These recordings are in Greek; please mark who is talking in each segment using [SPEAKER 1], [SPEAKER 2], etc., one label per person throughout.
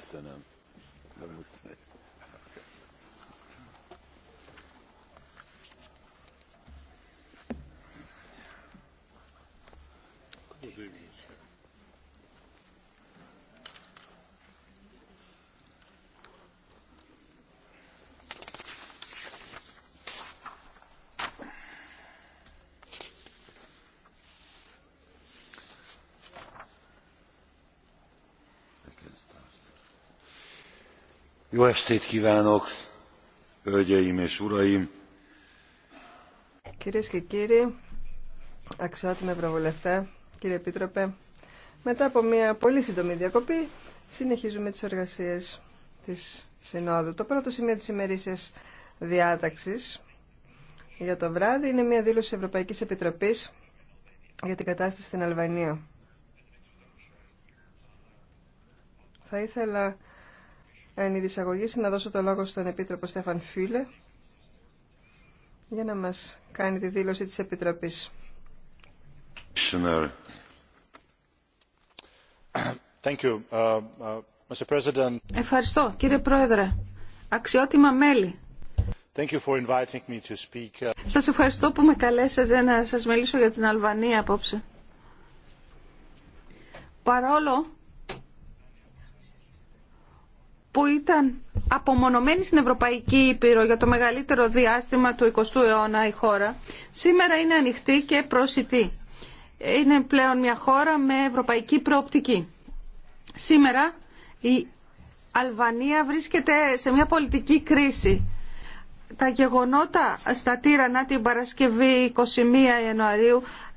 [SPEAKER 1] Köszönöm. Jó kívánok, hölgyeim és uraim!
[SPEAKER 2] Κυρίε και κύριοι, αξιότιμοι ευρωβουλευτέ, κύριε Επίτροπε, μετά από μια πολύ σύντομη διακοπή, συνεχίζουμε τις εργασίες της Συνόδου. Το πρώτο σημείο της ημερήσιας διάταξης για το βράδυ είναι μια δήλωση Ευρωπαϊκής Επιτροπής για την κατάσταση στην Αλβανία. Θα ήθελα εν είδης να δώσω το λόγο στον Επίτροπο Στέφαν Φίλε για να μας κάνει τη δήλωση της Επιτροπής.
[SPEAKER 1] Uh, uh,
[SPEAKER 3] ευχαριστώ κύριε Πρόεδρε. Αξιότιμα μέλη.
[SPEAKER 4] Thank you for inviting me to speak. Uh, σας
[SPEAKER 3] ευχαριστώ που με καλέσατε να σας μιλήσω για την Αλβανία απόψε. Παρόλο που ήταν απομονωμένη στην Ευρωπαϊκή Ήπειρο για το μεγαλύτερο διάστημα του 20ου αιώνα η χώρα, σήμερα είναι ανοιχτή και προσιτή. Είναι πλέον μια χώρα με ευρωπαϊκή προοπτική. Σήμερα η Αλβανία βρίσκεται σε μια πολιτική κρίση. Τα γεγονότα στα Τύρανα την Παρασκευή 21 Ιανουαρίου 2011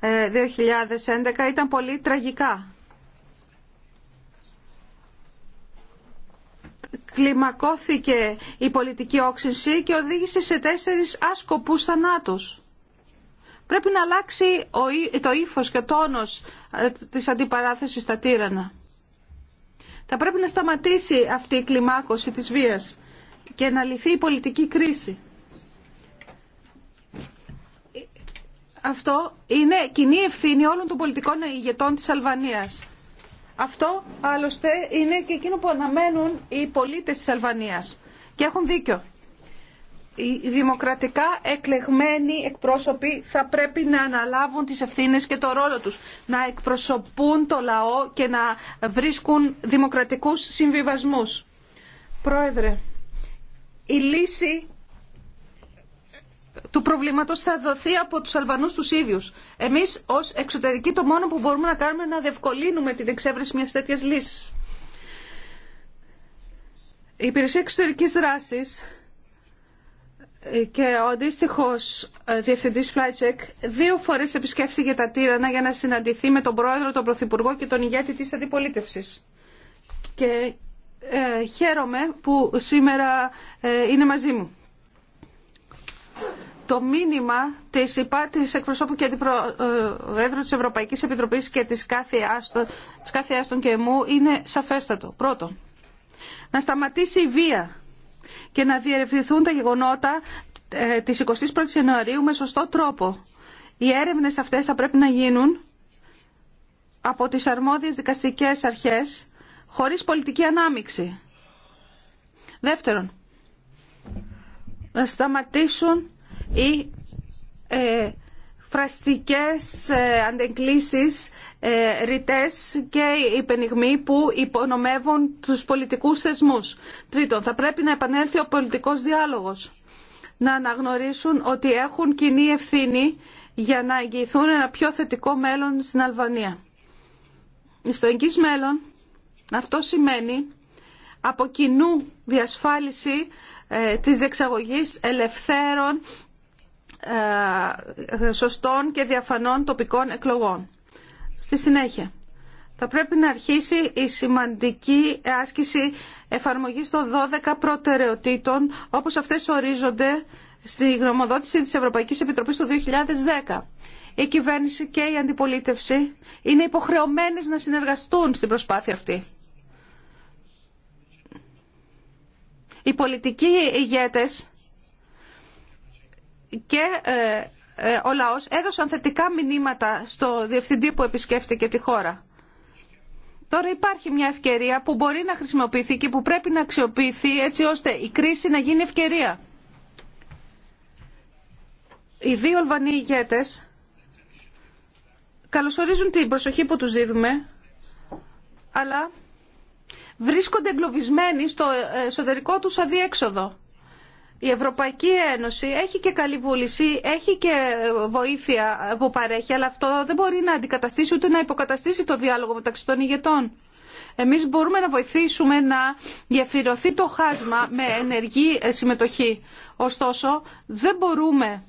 [SPEAKER 3] ε, ήταν πολύ τραγικά. κλιμακώθηκε η πολιτική όξυνση και οδήγησε σε τέσσερις άσκοπους θανάτους. Πρέπει να αλλάξει το ύφος και ο τόνος ε, της αντιπαράθεσης στα τύρανα. Θα πρέπει να σταματήσει αυτή η κλιμάκωση της βίας και να λυθεί η πολιτική κρίση. Αυτό είναι κοινή ευθύνη όλων των πολιτικών ηγετών της Αλβανίας. Αυτό άλλωστε είναι και εκείνο που αναμένουν οι πολίτες της Αλβανίας. Και έχουν δίκιο. Οι δημοκρατικά εκλεγμένοι εκπρόσωποι θα πρέπει να αναλάβουν τις ευθύνες και το ρόλο τους. Να εκπροσωπούν το λαό και να βρίσκουν δημοκρατικούς συμβιβασμούς. Πρόεδρε, η λύση του προβλήματος θα δοθεί από τους Αλβανούς τους ίδιους. Εμείς ως εξωτερικοί το μόνο που μπορούμε να κάνουμε είναι να διευκολύνουμε την εξέβρεση μιας τέτοιας λύσης. Η Υπηρεσία Εξωτερικής Δράσης ε, και ο αντίστοιχο ε, διευθυντή Φλάιτσεκ δύο φορέ επισκέφθηκε τα Τύρανα για να συναντηθεί με τον πρόεδρο, τον πρωθυπουργό και τον ηγέτη τη αντιπολίτευση. Και ε, χαίρομαι που σήμερα ε, είναι μαζί μου το μήνυμα της ΥΠΑ, εκπροσώπου και αντιπροέδρου της Ευρωπαϊκής Επιτροπής και της κάθε, άστον, της και μου είναι σαφέστατο. Πρώτον, να σταματήσει η βία και να διερευνηθούν τα γεγονότα ε, της 21ης Ιανουαρίου με σωστό τρόπο. Οι έρευνες αυτές θα πρέπει να γίνουν από τις αρμόδιες δικαστικές αρχές χωρίς πολιτική ανάμειξη. Δεύτερον, να σταματήσουν ή ε, φραστικές ε, αντεγκλήσεις ε, ρητές και υπενιγμοί που υπονομεύουν τους πολιτικούς θεσμούς. Τρίτον, θα πρέπει να επανέλθει ο πολιτικός διάλογος. Να αναγνωρίσουν ότι έχουν κοινή ευθύνη για να εγγυηθούν ένα πιο θετικό μέλλον στην Αλβανία. Στο εγγύς μέλλον αυτό σημαίνει από κοινού διασφάλιση ε, της δεξαγωγής ελευθέρων ε, σωστών και διαφανών τοπικών εκλογών. Στη συνέχεια, θα πρέπει να αρχίσει η σημαντική άσκηση εφαρμογής των 12 προτεραιοτήτων, όπως αυτές ορίζονται στη γνωμοδότηση της Ευρωπαϊκής Επιτροπής του 2010. Η κυβέρνηση και η αντιπολίτευση είναι υποχρεωμένες να συνεργαστούν στην προσπάθεια αυτή. Οι πολιτικοί ηγέτες και ε, ε, ο λαός έδωσαν θετικά μηνύματα στο διευθυντή που επισκέφτηκε τη χώρα. Τώρα υπάρχει μια ευκαιρία που μπορεί να χρησιμοποιηθεί και που πρέπει να αξιοποιηθεί έτσι ώστε η κρίση να γίνει ευκαιρία. Οι δύο Αλβανοί ηγέτες καλωσορίζουν την προσοχή που τους δίδουμε, αλλά βρίσκονται εγκλωβισμένοι στο εσωτερικό τους αδίέξοδο. Η Ευρωπαϊκή Ένωση έχει και καλή βούληση, έχει και ε, βοήθεια που παρέχει, αλλά αυτό δεν μπορεί να αντικαταστήσει ούτε να υποκαταστήσει το διάλογο μεταξύ των ηγετών. Εμείς μπορούμε να βοηθήσουμε να γεφυρωθεί το χάσμα με ενεργή ε, συμμετοχή. Ωστόσο, δεν μπορούμε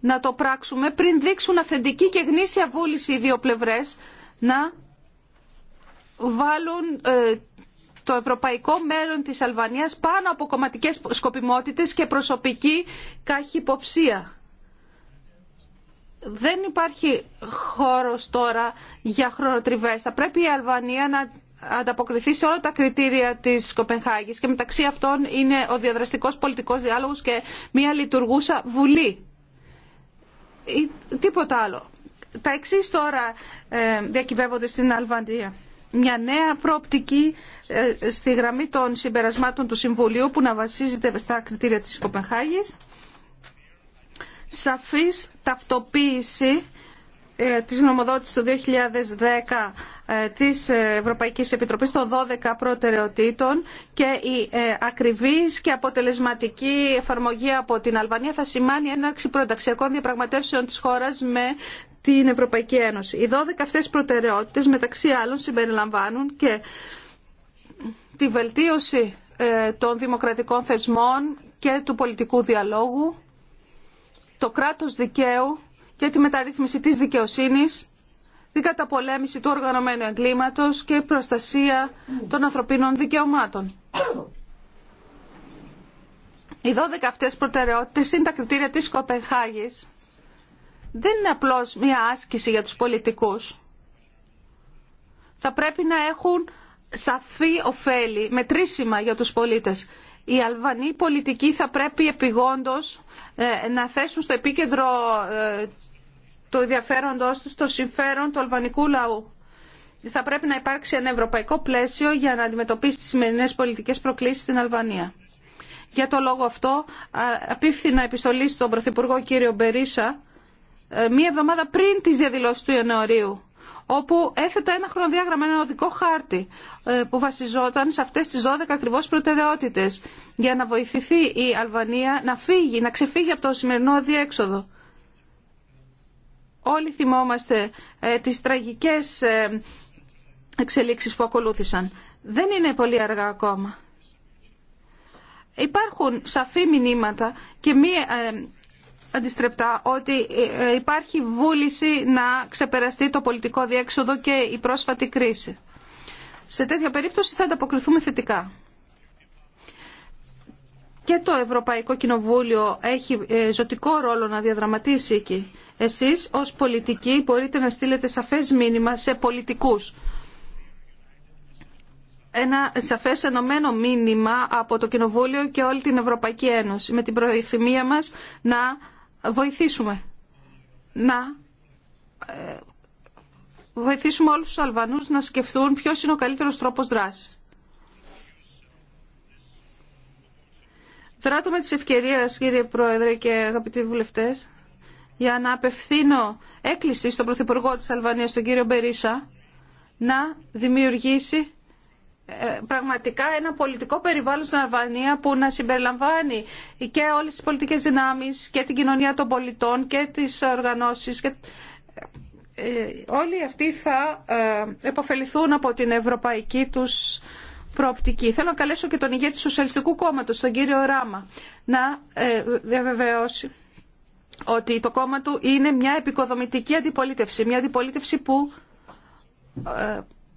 [SPEAKER 3] να το πράξουμε πριν δείξουν αυθεντική και γνήσια βούληση οι δύο πλευρές να βάλουν ε, το ευρωπαϊκό μέλλον της Αλβανίας πάνω από κομματικές σκοπιμότητες και προσωπική καχυποψία. Δεν υπάρχει χώρος τώρα για χρονοτριβές. Θα πρέπει η Αλβανία να ανταποκριθεί σε όλα τα κριτήρια της Κοπενχάγης και μεταξύ αυτών είναι ο διαδραστικός πολιτικός διάλογος και μια λειτουργούσα βουλή. τίποτα άλλο. Τα εξής τώρα ε, διακυβεύονται στην Αλβανία μια νέα πρόπτικη ε, στη γραμμή των συμπερασμάτων του Συμβουλίου που να βασίζεται στα κριτήρια της Κοπενχάγης, σαφής ταυτοποίηση ε, της νομοδότησης του 2010 ε, της Ευρωπαϊκής Επιτροπής των 12 προτεραιοτήτων και η ακριβής και αποτελεσματική εφαρμογή από την Αλβανία θα σημάνει έναρξη προταξιακών διαπραγματεύσεων της χώρας με την Ευρωπαϊκή Ένωση. Οι 12 αυτές προτεραιότητες μεταξύ άλλων συμπεριλαμβάνουν και τη βελτίωση ε, των δημοκρατικών θεσμών και του πολιτικού διαλόγου, το κράτος δικαίου και τη μεταρρύθμιση της δικαιοσύνης, την καταπολέμηση του οργανωμένου εγκλήματος και η προστασία των ανθρωπίνων δικαιωμάτων. Οι 12 αυτές προτεραιότητες είναι τα κριτήρια της Κοπενχάγης δεν είναι απλώς μια άσκηση για τους πολιτικούς. Θα πρέπει να έχουν σαφή ωφέλη, μετρήσιμα για τους πολίτες. Οι Αλβανοί πολιτικοί θα πρέπει επιγόντως ε, να θέσουν στο επίκεντρο ε, του ενδιαφέροντός τους το συμφέρον του αλβανικού λαού. Θα πρέπει να υπάρξει ένα ευρωπαϊκό πλαίσιο για να αντιμετωπίσει τις σημερινές πολιτικές προκλήσεις στην Αλβανία. Για το λόγο αυτό, απίφθηνα επιστολή στον Πρωθυπουργό κύριο Μπερίσα ε, μία εβδομάδα πριν τις διαδηλώσεις του Ιανουαρίου όπου έθετα ένα χρονοδιάγραμμα, ένα οδικό χάρτη ε, που βασιζόταν σε αυτές τις 12 ακριβώς προτεραιότητες για να βοηθηθεί η Αλβανία να φύγει, να ξεφύγει από το σημερινό διέξοδο. Όλοι θυμόμαστε ε, τις τραγικές εξελίξεις που ακολούθησαν. Δεν είναι πολύ αργά ακόμα. Υπάρχουν σαφή μηνύματα και μία αντιστρεπτά ότι ε, ε, υπάρχει βούληση να ξεπεραστεί το πολιτικό διέξοδο και η πρόσφατη κρίση. Σε τέτοια περίπτωση θα ανταποκριθούμε θετικά. Και το Ευρωπαϊκό Κοινοβούλιο έχει ε, ζωτικό ρόλο να διαδραματίσει εκεί. Εσείς ως πολιτικοί μπορείτε να στείλετε σαφές μήνυμα σε πολιτικούς. Ένα σαφές ενωμένο μήνυμα από το Κοινοβούλιο και όλη την Ευρωπαϊκή Ένωση με την προηθυμία μας να βοηθήσουμε να ε, βοηθήσουμε όλους τους Αλβανούς να σκεφτούν ποιος είναι ο καλύτερος τρόπος δράσης. το με τις ευκαιρίες, κύριε Πρόεδρε και αγαπητοί βουλευτές, για να απευθύνω έκκληση στον Πρωθυπουργό της Αλβανίας, τον κύριο Μπερίσα, να δημιουργήσει ε, πραγματικά ένα πολιτικό περιβάλλον στην Αλβανία που να συμπεριλαμβάνει και όλες τις πολιτικές δυνάμεις και την κοινωνία των πολιτών και τις οργανώσεις και ε, όλοι αυτοί θα ε, επωφεληθούν από την ευρωπαϊκή τους προοπτική. Θέλω να καλέσω και τον ηγέτη του Σοσιαλιστικού Κόμματος, τον κύριο Ράμα, να διαβεβαιώσει ότι το κόμμα του είναι μια επικοδομητική αντιπολίτευση, μια αντιπολίτευση που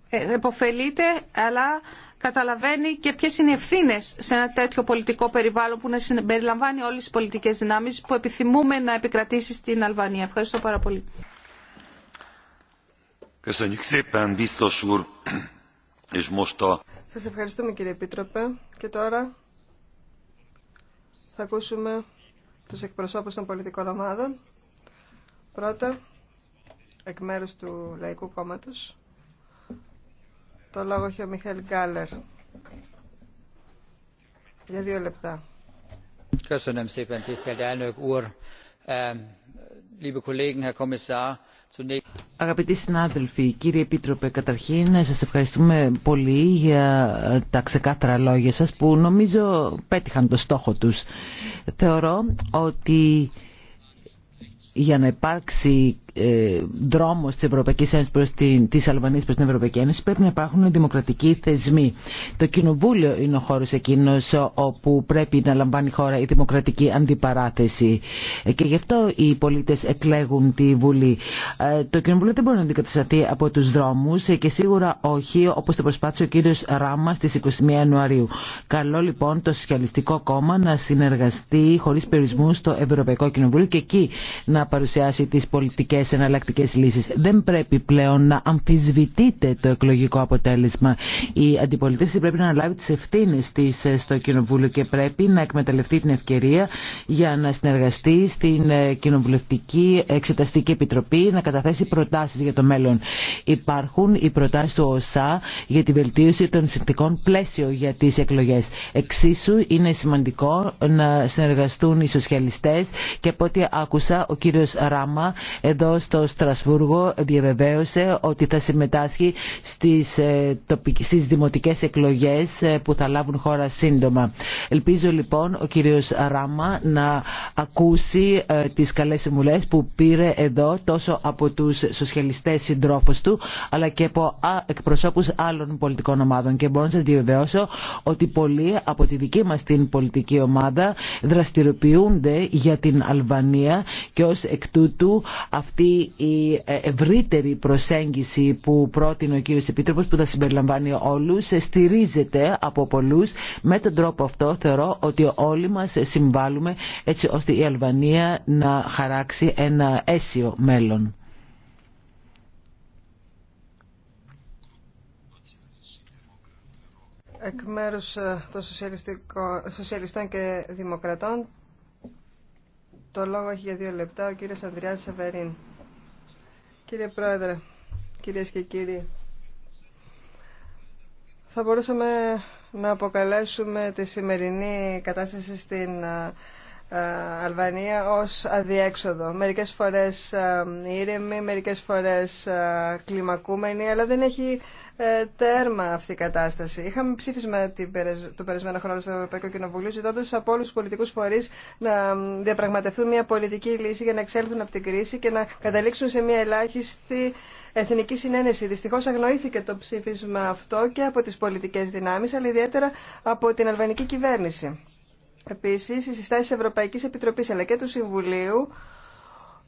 [SPEAKER 3] ε, εποφελείται, αλλά καταλαβαίνει και ποιες είναι οι ευθύνε σε ένα τέτοιο πολιτικό περιβάλλον που να συμπεριλαμβάνει όλες τις πολιτικές δυνάμεις που επιθυμούμε να επικρατήσει στην Αλβανία. Ευχαριστώ
[SPEAKER 2] πάρα πολύ. Σας ευχαριστούμε κύριε Επίτροπε. Και τώρα θα ακούσουμε τους εκπροσώπους των πολιτικών ομάδων. Πρώτα, εκ μέρους του Λαϊκού Κόμματος, το λόγο έχει ο Μιχαήλ Γκάλερ. Για δύο λεπτά.
[SPEAKER 5] Αγαπητοί συνάδελφοι, κύριε Επίτροπε, καταρχήν ε, σας ευχαριστούμε πολύ για ε, τα ξεκάθαρα λόγια σας που νομίζω πέτυχαν το στόχο τους. Θεωρώ ότι για να υπάρξει ε, Δρόμο τη Ευρωπαϊκή Ένωση προ την, της Αλβανίας την Ευρωπαϊκή Ένωση πρέπει να υπάρχουν δημοκρατικοί θεσμοί. Το Κοινοβούλιο είναι ο χώρο εκείνο όπου πρέπει να λαμβάνει η χώρα η δημοκρατική αντιπαράθεση ε, και γι' αυτό οι πολίτε εκλέγουν τη Βουλή. Ε, το Κοινοβούλιο δεν μπορεί να αντικατασταθεί από τους δρόμου και σίγουρα όχι όπω το προσπάθησε ο κύριο Ράμα στις 21 Ιανουαρίου. Καλό λοιπόν το Σοσιαλιστικό Κόμμα να συνεργαστεί χωρί περιορισμού στο Ευρωπαϊκό Κοινοβούλιο και εκεί να παρουσιάσει τι πολιτικέ. Σε εναλλακτικές λύσεις. Δεν πρέπει πλέον να αμφισβητείτε το εκλογικό αποτέλεσμα. Η αντιπολίτευση πρέπει να αναλάβει τις ευθύνες της ε, στο Κοινοβούλιο και πρέπει να εκμεταλλευτεί την ευκαιρία για να συνεργαστεί στην ε, Κοινοβουλευτική Εξεταστική Επιτροπή να καταθέσει προτάσεις για το μέλλον. Υπάρχουν οι προτάσεις του ΟΣΑ για τη βελτίωση των συνθηκών πλαίσιο για τις εκλογές. Εξίσου είναι σημαντικό να συνεργαστούν οι σοσιαλιστές και από ό,τι άκουσα ο κύριος Ράμα εδώ στο Στρασβούργο διαβεβαίωσε ότι θα συμμετάσχει στις, ε, στις δημοτικές εκλογές ε, που θα λάβουν χώρα σύντομα. Ελπίζω λοιπόν ο κύριος Ράμα να ακούσει ε, τις καλές συμβουλές που πήρε εδώ τόσο από τους σοσιαλιστές συντρόφους του αλλά και από εκπροσώπους άλλων πολιτικών ομάδων και μπορώ να σας διαβεβαιώσω ότι πολλοί από τη δική μας την πολιτική ομάδα δραστηριοποιούνται για την Αλβανία και ως εκ τούτου αυτή η ε, ευρύτερη προσέγγιση που πρότεινε ο κύριος Επίτροπος που θα συμπεριλαμβάνει όλους ε, στηρίζεται από πολλούς. Με τον τρόπο αυτό θεωρώ ότι όλοι μας ε, συμβάλλουμε έτσι ώστε η Αλβανία να χαράξει ένα αίσιο μέλλον.
[SPEAKER 2] εκ μέρους των σοσιαλιστών και δημοκρατών το λόγο έχει για δύο λεπτά ο κύριος Ανδριάς Σεβερίν. Κύριε Πρόεδρε, κυρίες και κύριοι, θα μπορούσαμε να αποκαλέσουμε τη σημερινή κατάσταση στην ε, Αλβανία ως αδιέξοδο. Μερικές φορές ε, ήρεμη, μερικές φορές ε, κλιμακούμενη, αλλά δεν έχει τέρμα αυτή η κατάσταση. Είχαμε ψήφισμα το περασμένο χρόνο στο Ευρωπαϊκό Κοινοβουλίο, ζητώντα από όλου του πολιτικού φορεί να διαπραγματευτούν μια πολιτική λύση για να εξέλθουν από την κρίση και να καταλήξουν σε μια ελάχιστη εθνική συνένεση. Δυστυχώ αγνοήθηκε το ψήφισμα αυτό και από τι πολιτικέ δυνάμει, αλλά ιδιαίτερα από την αλβανική κυβέρνηση. Επίσης, οι συστάσεις Ευρωπαϊκής Επιτροπής αλλά και του Συμβουλίου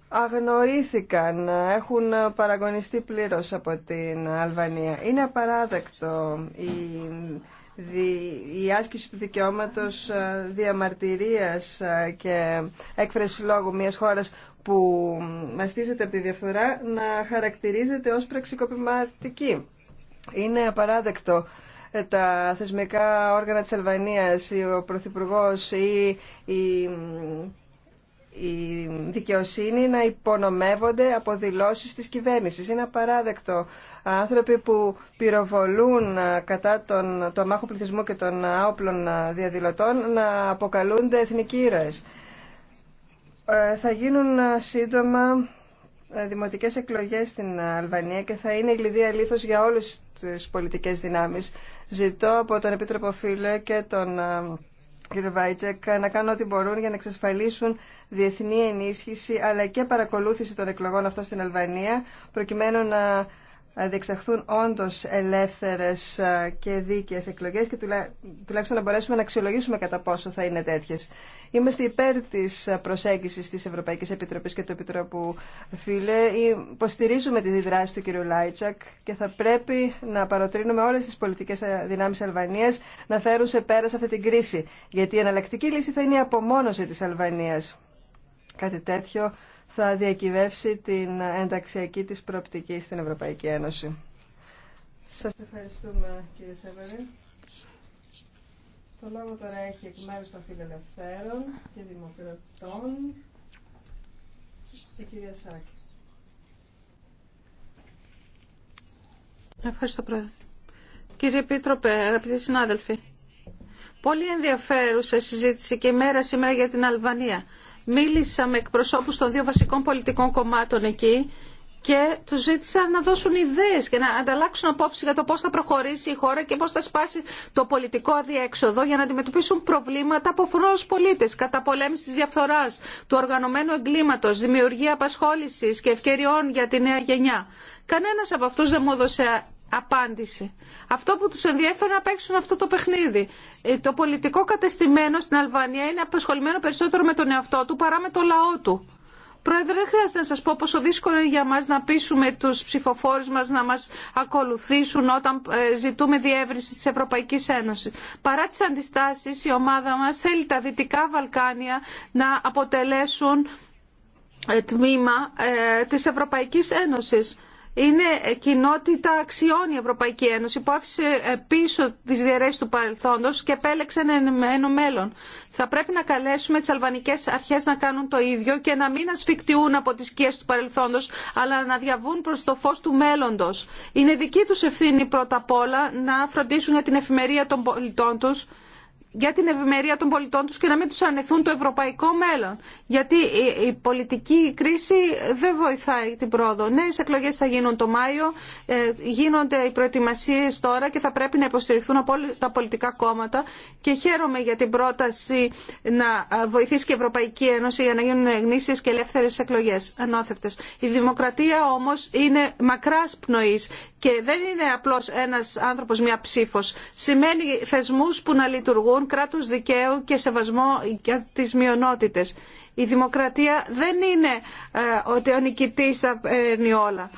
[SPEAKER 2] αγνοήθηκαν, έχουν παραγωνιστεί πλήρως από την Αλβανία. Είναι απαράδεκτο η, η άσκηση του δικαιώματος ε, διαμαρτυρίας ε, και έκφραση λόγου μιας χώρας που μαστίζεται από τη διαφθορά να χαρακτηρίζεται ως πραξικοπηματική. Είναι απαράδεκτο τα θεσμικά όργανα της Αλβανίας, ο Πρωθυπουργός ή η, η δικαιοσύνη να υπονομεύονται από δηλώσεις της κυβέρνησης. Είναι απαράδεκτο άνθρωποι που πυροβολούν κατά τον, το αμάχο πληθυσμού και των άοπλων διαδηλωτών να αποκαλούνται εθνικοί ήρωες. Ε, θα γίνουν σύντομα ε, δημοτικές εκλογές στην Αλβανία και θα είναι η λιδία λίθος για όλες τις πολιτικές δυνάμεις. Ζητώ από τον Επίτροπο Φίλε και τον ε, κ. Βάιτσεκ να κάνουν ό,τι μπορούν για να εξασφαλίσουν διεθνή ενίσχυση αλλά και παρακολούθηση των εκλογών αυτών στην Αλβανία προκειμένου να διεξαχθούν όντω ελεύθερε και δίκαιε εκλογέ και τουλάχιστον να μπορέσουμε να αξιολογήσουμε κατά πόσο θα είναι τέτοιε. Είμαστε υπέρ τη προσέγγιση τη Ευρωπαϊκή Επιτροπή και του Επιτρόπου Φίλε. Υποστηρίζουμε τη δράση του κ. Λάιτσακ και θα πρέπει να παροτρύνουμε όλε τι πολιτικέ δυνάμει Αλβανία να φέρουν σε πέρα σε αυτή την κρίση. Γιατί η εναλλακτική λύση θα είναι η απομόνωση τη Αλβανία. Κάτι τέτοιο θα διακυβεύσει την ενταξιακή της προοπτική στην Ευρωπαϊκή Ένωση. Σας ευχαριστούμε κύριε Σεβερή. Το λόγο τώρα έχει εκ μέρους των φιλελευθέρων και δημοκρατών η κυρία Σάκη.
[SPEAKER 3] Ευχαριστώ πρόεδρε. Κύριε Επίτροπε, αγαπητοί συνάδελφοι, πολύ ενδιαφέρουσα συζήτηση και μέρα σήμερα για την Αλβανία. Μίλησα με εκπροσώπους των δύο βασικών πολιτικών κομμάτων εκεί και του ζήτησα να δώσουν ιδέες και να ανταλλάξουν απόψεις για το πώς θα προχωρήσει η χώρα και πώς θα σπάσει το πολιτικό αδιέξοδο για να αντιμετωπίσουν προβλήματα που αφορούν πολίτε κατά πολέμηση τη διαφθοράς, του οργανωμένου εγκλήματος, δημιουργία απασχόληση και ευκαιριών για τη νέα γενιά. Κανένα από αυτού δεν μου έδωσε απάντηση. Αυτό που τους ενδιέφερε να παίξουν αυτό το παιχνίδι. Ε, το πολιτικό κατεστημένο στην Αλβανία είναι απασχολημένο περισσότερο με τον εαυτό του παρά με το λαό του. Πρόεδρε, δεν χρειάζεται να σας πω πόσο δύσκολο είναι για μας να πείσουμε τους ψηφοφόρους μας να μας ακολουθήσουν όταν ε, ζητούμε διεύρυνση της Ευρωπαϊκής Ένωσης. Παρά τις αντιστάσεις, η ομάδα μας θέλει τα Δυτικά Βαλκάνια να αποτελέσουν ε, τμήμα της Ευρωπαϊκής Ένωσης είναι κοινότητα αξιών η Ευρωπαϊκή Ένωση που άφησε ε, πίσω τις διαιρέσεις του παρελθόντος και επέλεξε ένα μέλλον. Θα πρέπει να καλέσουμε τι αλβανικές αρχές να κάνουν το ίδιο και να μην ασφικτιούν από τις σκιέ του παρελθόντος αλλά να διαβούν προς το φως του μέλλοντος. Είναι δική του ευθύνη πρώτα απ' όλα να φροντίσουν για την εφημερία των πολιτών του για την ευημερία των πολιτών τους και να μην τους ανεθούν το ευρωπαϊκό μέλλον. Γιατί η, πολιτική κρίση δεν βοηθάει την πρόοδο. Νέες εκλογές θα γίνουν το Μάιο, ε, γίνονται οι προετοιμασίες τώρα και θα πρέπει να υποστηριχθούν από όλα τα πολιτικά κόμματα και χαίρομαι για την πρόταση να ε, βοηθήσει και η Ευρωπαϊκή Ένωση για να γίνουν γνήσιες και ελεύθερες εκλογές, ανώθευτες. Η δημοκρατία όμως είναι μακράς πνοής και δεν είναι απλώς ένας άνθρωπος μια ψήφος. Σημαίνει θεσμούς που να λειτουργούν κράτους δικαίου και σεβασμό για τις μειονότητες. Η δημοκρατία δεν είναι ότι ε, ο νικητής θα παίρνει όλα.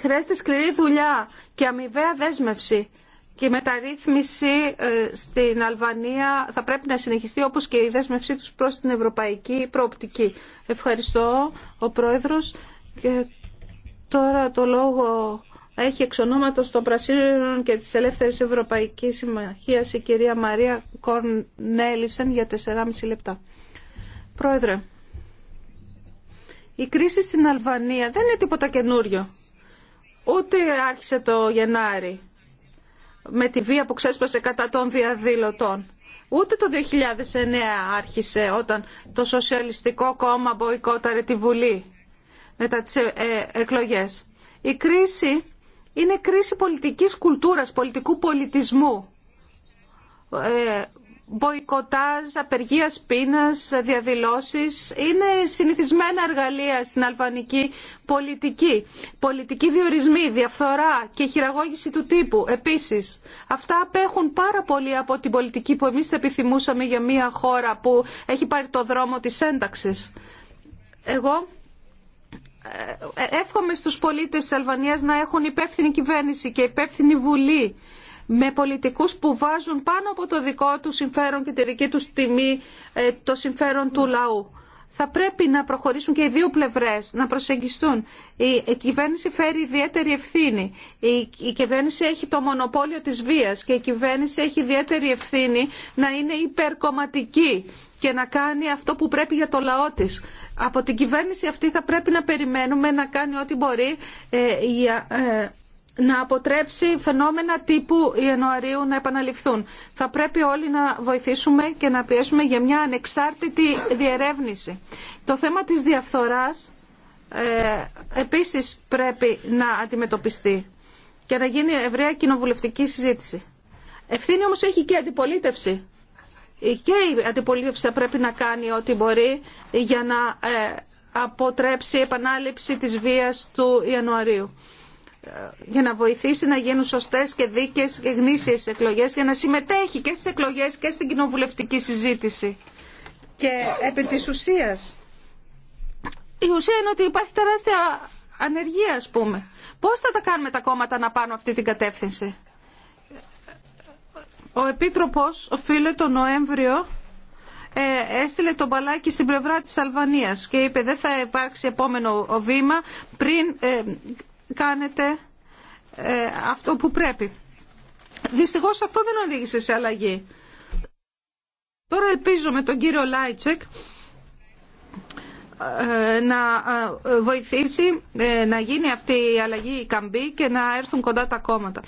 [SPEAKER 3] Χρειάζεται σκληρή δουλειά και αμοιβαία δέσμευση. Και η μεταρρύθμιση ε, στην Αλβανία θα πρέπει να συνεχιστεί όπως και η δέσμευσή τους προς την ευρωπαϊκή προοπτική. Ευχαριστώ ο Πρόεδρος. Και τώρα το λόγο έχει εξ ονόματος των Πρασίνων και της Ελεύθερης Ευρωπαϊκής Συμμαχίας η κυρία Μαρία Κορνέλισεν για 4,5 λεπτά. Πρόεδρε, η κρίση στην Αλβανία δεν είναι τίποτα καινούριο. Ούτε άρχισε το Γενάρη με τη βία που ξέσπασε κατά των διαδηλωτών. Ούτε το 2009 άρχισε όταν το Σοσιαλιστικό Κόμμα μποϊκόταρε τη Βουλή μετά τις ε, ε, εκλογές. Η κρίση είναι κρίση πολιτικής κουλτούρας, πολιτικού πολιτισμού. Ε, μποϊκοτάζ, απεργία πείνας, διαδηλώσεις είναι συνηθισμένα εργαλεία στην αλβανική πολιτική. Πολιτική διορισμή, διαφθορά και χειραγώγηση του τύπου επίσης. Αυτά απέχουν πάρα πολύ από την πολιτική που εμείς επιθυμούσαμε για μια χώρα που έχει πάρει το δρόμο της ένταξης. Εγώ ε, ε, εύχομαι στους πολίτες της Αλβανίας να έχουν υπεύθυνη κυβέρνηση και υπεύθυνη βουλή με πολιτικούς που βάζουν πάνω από το δικό του συμφέρον και τη δική τους τιμή ε, το συμφέρον του λαού. Θα πρέπει να προχωρήσουν και οι δύο πλευρές, να προσεγγιστούν. Η κυβέρνηση φέρει ιδιαίτερη ευθύνη. Η κυβέρνηση έχει το μονοπόλιο της βίας και η κυβέρνηση έχει ιδιαίτερη ευθύνη να είναι υπερκομματική και να κάνει αυτό που πρέπει για το λαό της. Από την κυβέρνηση αυτή θα πρέπει να περιμένουμε να κάνει ό,τι μπορεί ε, ε, να αποτρέψει φαινόμενα τύπου Ιανουαρίου να επαναληφθούν. Θα πρέπει όλοι να βοηθήσουμε και να πιέσουμε για μια ανεξάρτητη διερεύνηση. Το θέμα της διαφθοράς ε, επίσης πρέπει να αντιμετωπιστεί και να γίνει ευρεία κοινοβουλευτική συζήτηση. Ευθύνη όμως έχει και αντιπολίτευση και η αντιπολίτευση θα πρέπει να κάνει ό,τι μπορεί για να ε, αποτρέψει η επανάληψη της βίας του Ιανουαρίου ε, για να βοηθήσει να γίνουν σωστές και δίκαιες και γνήσιες εκλογές για να συμμετέχει και στις εκλογές και στην κοινοβουλευτική συζήτηση και επί της ουσίας η ουσία είναι ότι υπάρχει τεράστια ανεργία ας πούμε πώς θα τα κάνουμε τα κόμματα να πάνε αυτή την κατεύθυνση ο Επίτροπος, ο φίλε, τον Νοέμβριο ε, έστειλε τον μπαλάκι στην πλευρά της Αλβανίας και είπε δεν θα υπάρξει επόμενο βήμα πριν ε, κάνετε ε, αυτό που πρέπει. Δυστυχώς αυτό δεν οδήγησε σε αλλαγή. Τώρα ελπίζω με τον κύριο Λάιτσεκ να βοηθήσει να γίνει αυτή η αλλαγή η καμπή και να έρθουν κοντά τα κόμματα.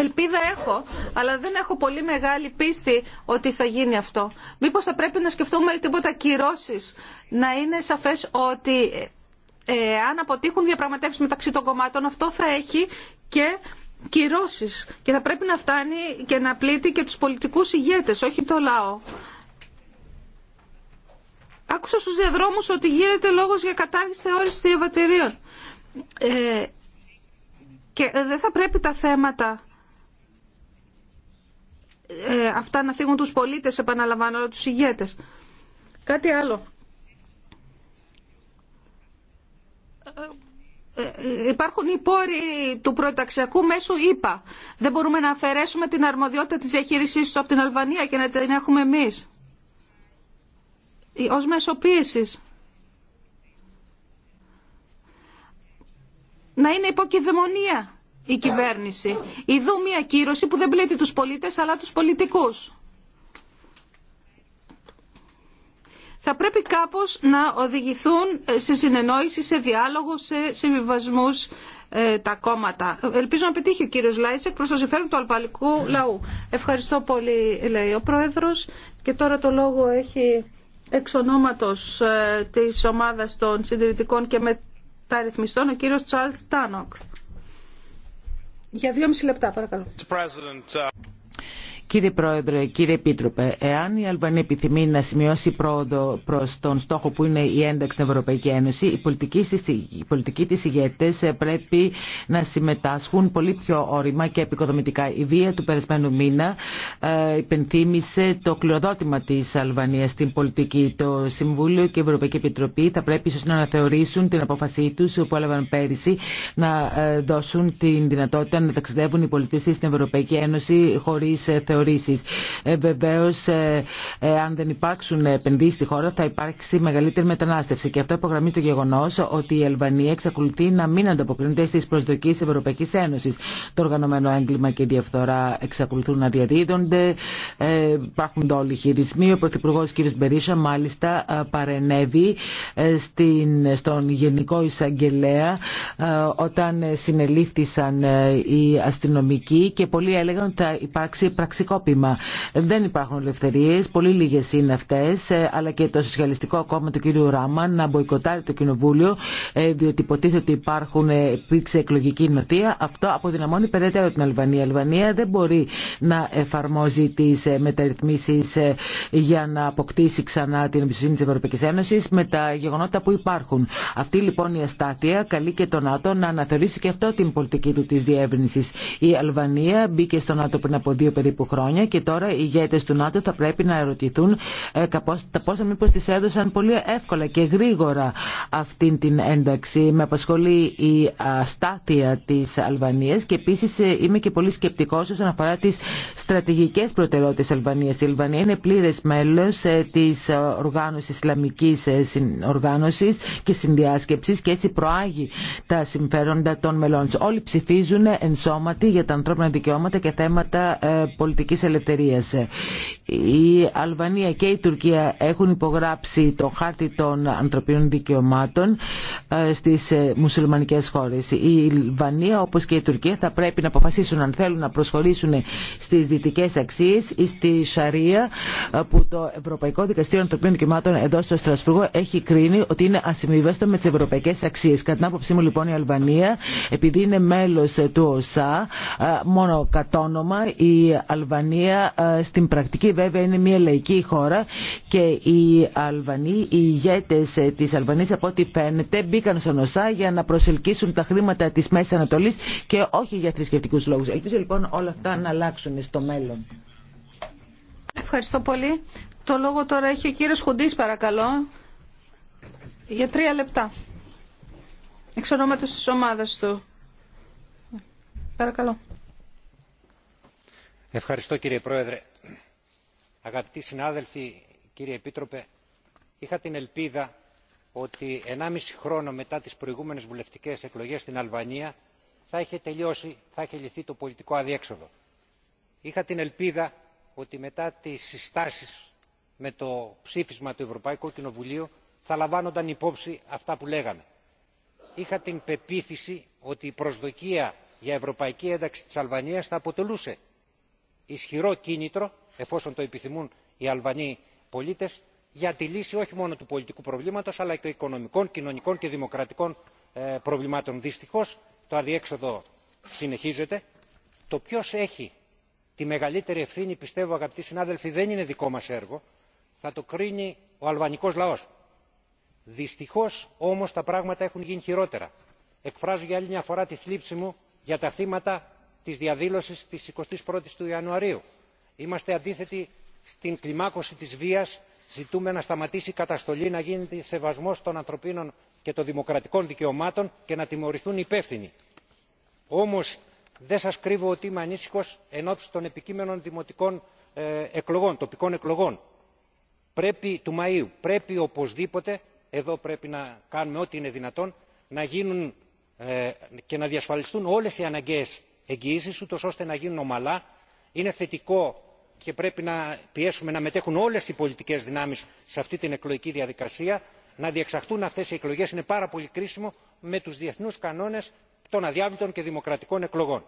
[SPEAKER 3] Ελπίδα έχω, αλλά δεν έχω πολύ μεγάλη πίστη ότι θα γίνει αυτό. Μήπως θα πρέπει να σκεφτούμε τίποτα κυρώσεις, να είναι σαφές ότι ε, αν αποτύχουν διαπραγματεύσεις μεταξύ των κομμάτων, αυτό θα έχει και κυρώσεις. Και θα πρέπει να φτάνει και να πλήττει και τους πολιτικούς ηγέτες, όχι το λαό. Άκουσα στους διαδρόμους ότι γίνεται λόγος για κατάργηση θεώρησης διαβατηρίων. Ε, και δεν θα πρέπει τα θέματα ε, αυτά να φύγουν τους πολίτες, επαναλαμβάνω, τους ηγέτες. Κάτι άλλο. Ε, ε, υπάρχουν οι πόροι του πρωταξιακού μέσου ΙΠΑ. Δεν μπορούμε να αφαιρέσουμε την αρμοδιότητα της διαχείρισής του από την Αλβανία και να την έχουμε εμείς. Ως μεσοποίησης. Να είναι υποκειδαιμονία η κυβέρνηση. Ιδού μια κύρωση που δεν πλήττει τους πολίτες αλλά τους πολιτικούς. Θα πρέπει κάπως να οδηγηθούν ε, σε συνεννόηση, σε διάλογο, σε συμβιβασμούς ε, τα κόμματα. Ελπίζω να πετύχει ο κύριος Λάισεκ προς το συμφέρον του αλπαλικού λαού. Ευχαριστώ πολύ, λέει ο Πρόεδρος. Και τώρα το λόγο έχει εξ ονόματος ε, της ομάδας των συντηρητικών και μεταρρυθμιστών ο κύριος Τσάλτς Τάνοκ. Για δύο μισή λεπτά, παρακαλώ.
[SPEAKER 5] Κύριε Πρόεδρε, κύριε Επίτροπε, εάν η Αλβανία επιθυμεί να σημειώσει πρόοδο προ τον στόχο που είναι η ένταξη στην Ευρωπαϊκή Ένωση, οι πολιτικοί, της πολιτική ηγέτε πρέπει να συμμετάσχουν πολύ πιο όρημα και επικοδομητικά. Η βία του περασμένου μήνα ε, υπενθύμησε το κληροδότημα τη Αλβανία στην πολιτική. Το Συμβούλιο και η Ευρωπαϊκή Επιτροπή θα πρέπει ίσω να αναθεωρήσουν την απόφασή του που έλαβαν πέρυσι να ε, δώσουν την δυνατότητα να ταξιδεύουν οι πολιτέ στην Ευρωπαϊκή Ένωση χωρί ε, ε, Βεβαίω, ε, ε, αν δεν υπάρξουν επενδύσεις στη χώρα θα υπάρξει μεγαλύτερη μετανάστευση και αυτό υπογραμμίζει το γεγονό ότι η Αλβανία εξακολουθεί να μην ανταποκρίνεται στις προσδοκίες Ευρωπαϊκή Ένωση. Το οργανωμένο έγκλημα και η διαφθορά εξακολουθούν να διαδίδονται, ε, υπάρχουν όλοι χειρισμοί. Ο Πρωθυπουργό κ. Μπερίσα μάλιστα ε, παρενέβη στην, στον Γενικό Εισαγγελέα όταν συνελήφθησαν οι αστυνομικοί και πολλοί έλεγαν ότι θα υπάρξει πραξικό δεν υπάρχουν ελευθερίε, πολύ λίγε είναι αυτέ, ε, αλλά και το Σοσιαλιστικό Κόμμα του κ. Ράμα να μποϊκοτάρει το Κοινοβούλιο, ε, διότι υποτίθεται ότι υπάρχουν, ε, υπήρξε εκλογική νοθεία. Αυτό αποδυναμώνει περαιτέρω την Αλβανία. Η Αλβανία δεν μπορεί να εφαρμόζει τι μεταρρυθμίσει για να αποκτήσει ξανά την εμπιστοσύνη τη Ευρωπαϊκή Ένωση με τα γεγονότα που υπάρχουν. Αυτή λοιπόν η αστάθεια καλεί και το ΝΑΤΟ να αναθεωρήσει και αυτό την πολιτική του τη διεύρυνση. Η Αλβανία μπήκε στο ΝΑΤΟ πριν από δύο περίπου χρόνια χρόνια και τώρα οι ηγέτε του ΝΑΤΟ θα πρέπει να ερωτηθούν ε, τα πόσα μήπω τι έδωσαν πολύ εύκολα και γρήγορα αυτή την ένταξη. Με απασχολεί η αστάθεια τη Αλβανία. και επίση ε, είμαι και πολύ σκεπτικό όσον αφορά τι στρατηγικέ προτεραιότητε τη Αλβανία. Η Αλβανία είναι πλήρε τη τη οργάνωση ε, Συνοργάνωση ε, και Συνδιάσκεψη και έτσι προάγει τα συμφέροντα των μελών. Όλοι ψηφίζουν ενσώματοι για τα ανθρώπινα δικαιώματα και θέματα πολιτική. Η Αλβανία και η Τουρκία έχουν υπογράψει το χάρτη των ανθρωπίνων δικαιωμάτων ε, στις ε, μουσουλμανικές χώρες. Η Αλβανία όπως και η Τουρκία θα πρέπει να αποφασίσουν αν θέλουν να προσχωρήσουν στις δυτικές αξίες ή στη Σαρία ε, που το Ευρωπαϊκό Δικαστήριο Ανθρωπίνων Δικαιωμάτων εδώ στο Στρασβούργο έχει κρίνει ότι είναι ασυμβίβαστο με τις ευρωπαϊκές αξίες. Κατά την άποψή μου λοιπόν η Αλβανία επειδή είναι μέλος του ΟΣΑ μόνο κατόνομα η Αλβανία Αλβανία ε, στην πρακτική βέβαια είναι μια λαϊκή χώρα και οι Αλβανοί, οι ηγέτες ε, της Αλβανίας από ό,τι φαίνεται μπήκαν στον ΟΣΑ για να προσελκύσουν τα χρήματα της Μέσης Ανατολής και όχι για θρησκευτικούς λόγους. Ελπίζω λοιπόν όλα αυτά να αλλάξουν στο μέλλον. Ευχαριστώ
[SPEAKER 3] πολύ. Το λόγο τώρα έχει ο κύριος Χουντής παρακαλώ για τρία λεπτά. Εξ ονόματος της ομάδας του.
[SPEAKER 4] Παρακαλώ κύριε πρόεδρε αγαπητοί συνάδελφοι κύριε επίτροπε είχα την ελπίδα ότι ενάμιση χρόνο μετά τις προηγούμενες βουλευτικές εκλογές στην αλβανία θα είχε τελειώσει θα είχε λυθεί το πολιτικό αδιέξοδο. είχα την ελπίδα ότι μετά τις συστάσεις με το ψήφισμα του ευρωπαϊκού κοινοβουλίου θα λαμβάνονταν υπόψη αυτά που λέγαμε. είχα την πεποίθηση ότι η προσδοκία για ευρωπαϊκή ένταξη της αλβανίας θα αποτελούσε ισχυρό κίνητρο εφόσον το επιθυμούν οι αλβανοί πολίτε, για τη λύση όχι μόνο του πολιτικού προβλήματο, αλλά και των οικονομικών κοινωνικών και δημοκρατικών ε, προβλημάτων. Δυστυχώ, το αδιέξοδο συνεχίζεται. το ποιο έχει τη μεγαλύτερη ευθύνη πιστεύω αγαπητοί συνάδελφοι δεν είναι δικό μα έργο θα το κρίνει ο Αλβανικό λαό. Δυστυχώ όμω τα πράγματα έχουν γίνει χειρότερα. εκφράζω για άλλη μια φορά τη θλίψη μου για τα θύματα τη διαδήλωση τη 21 η του Ιανουαρίου. Είμαστε αντίθετοι στην κλιμάκωση τη βία, ζητούμε να σταματήσει η καταστολή, να γίνεται σεβασμό των ανθρωπίνων και των δημοκρατικών δικαιωμάτων και να τιμωρηθούν οι υπεύθυνοι. Όμω δεν σα κρύβω ότι είμαι ανήσυχο εν ώψη των επικείμενων δημοτικών ε, εκλογών, τοπικών εκλογών πρέπει, του Μαΐου. Πρέπει οπωσδήποτε, εδώ πρέπει να κάνουμε ό,τι είναι δυνατόν, να γίνουν ε, και να διασφαλιστούν όλες οι αναγκαίες εγγυήσει ούτω ώστε να γίνουν ομαλά. είναι θετικό και πρέπει να πιέσουμε να μετέχουν όλε οι πολιτικέ δυνάμει σε αυτή την εκλογική διαδικασία να διεξαχθούν αυτέ οι εκλογέ είναι πάρα πολύ κρίσιμο με του διεθνού κανόνε των αδιάβλητων και δημοκρατικών εκλογών.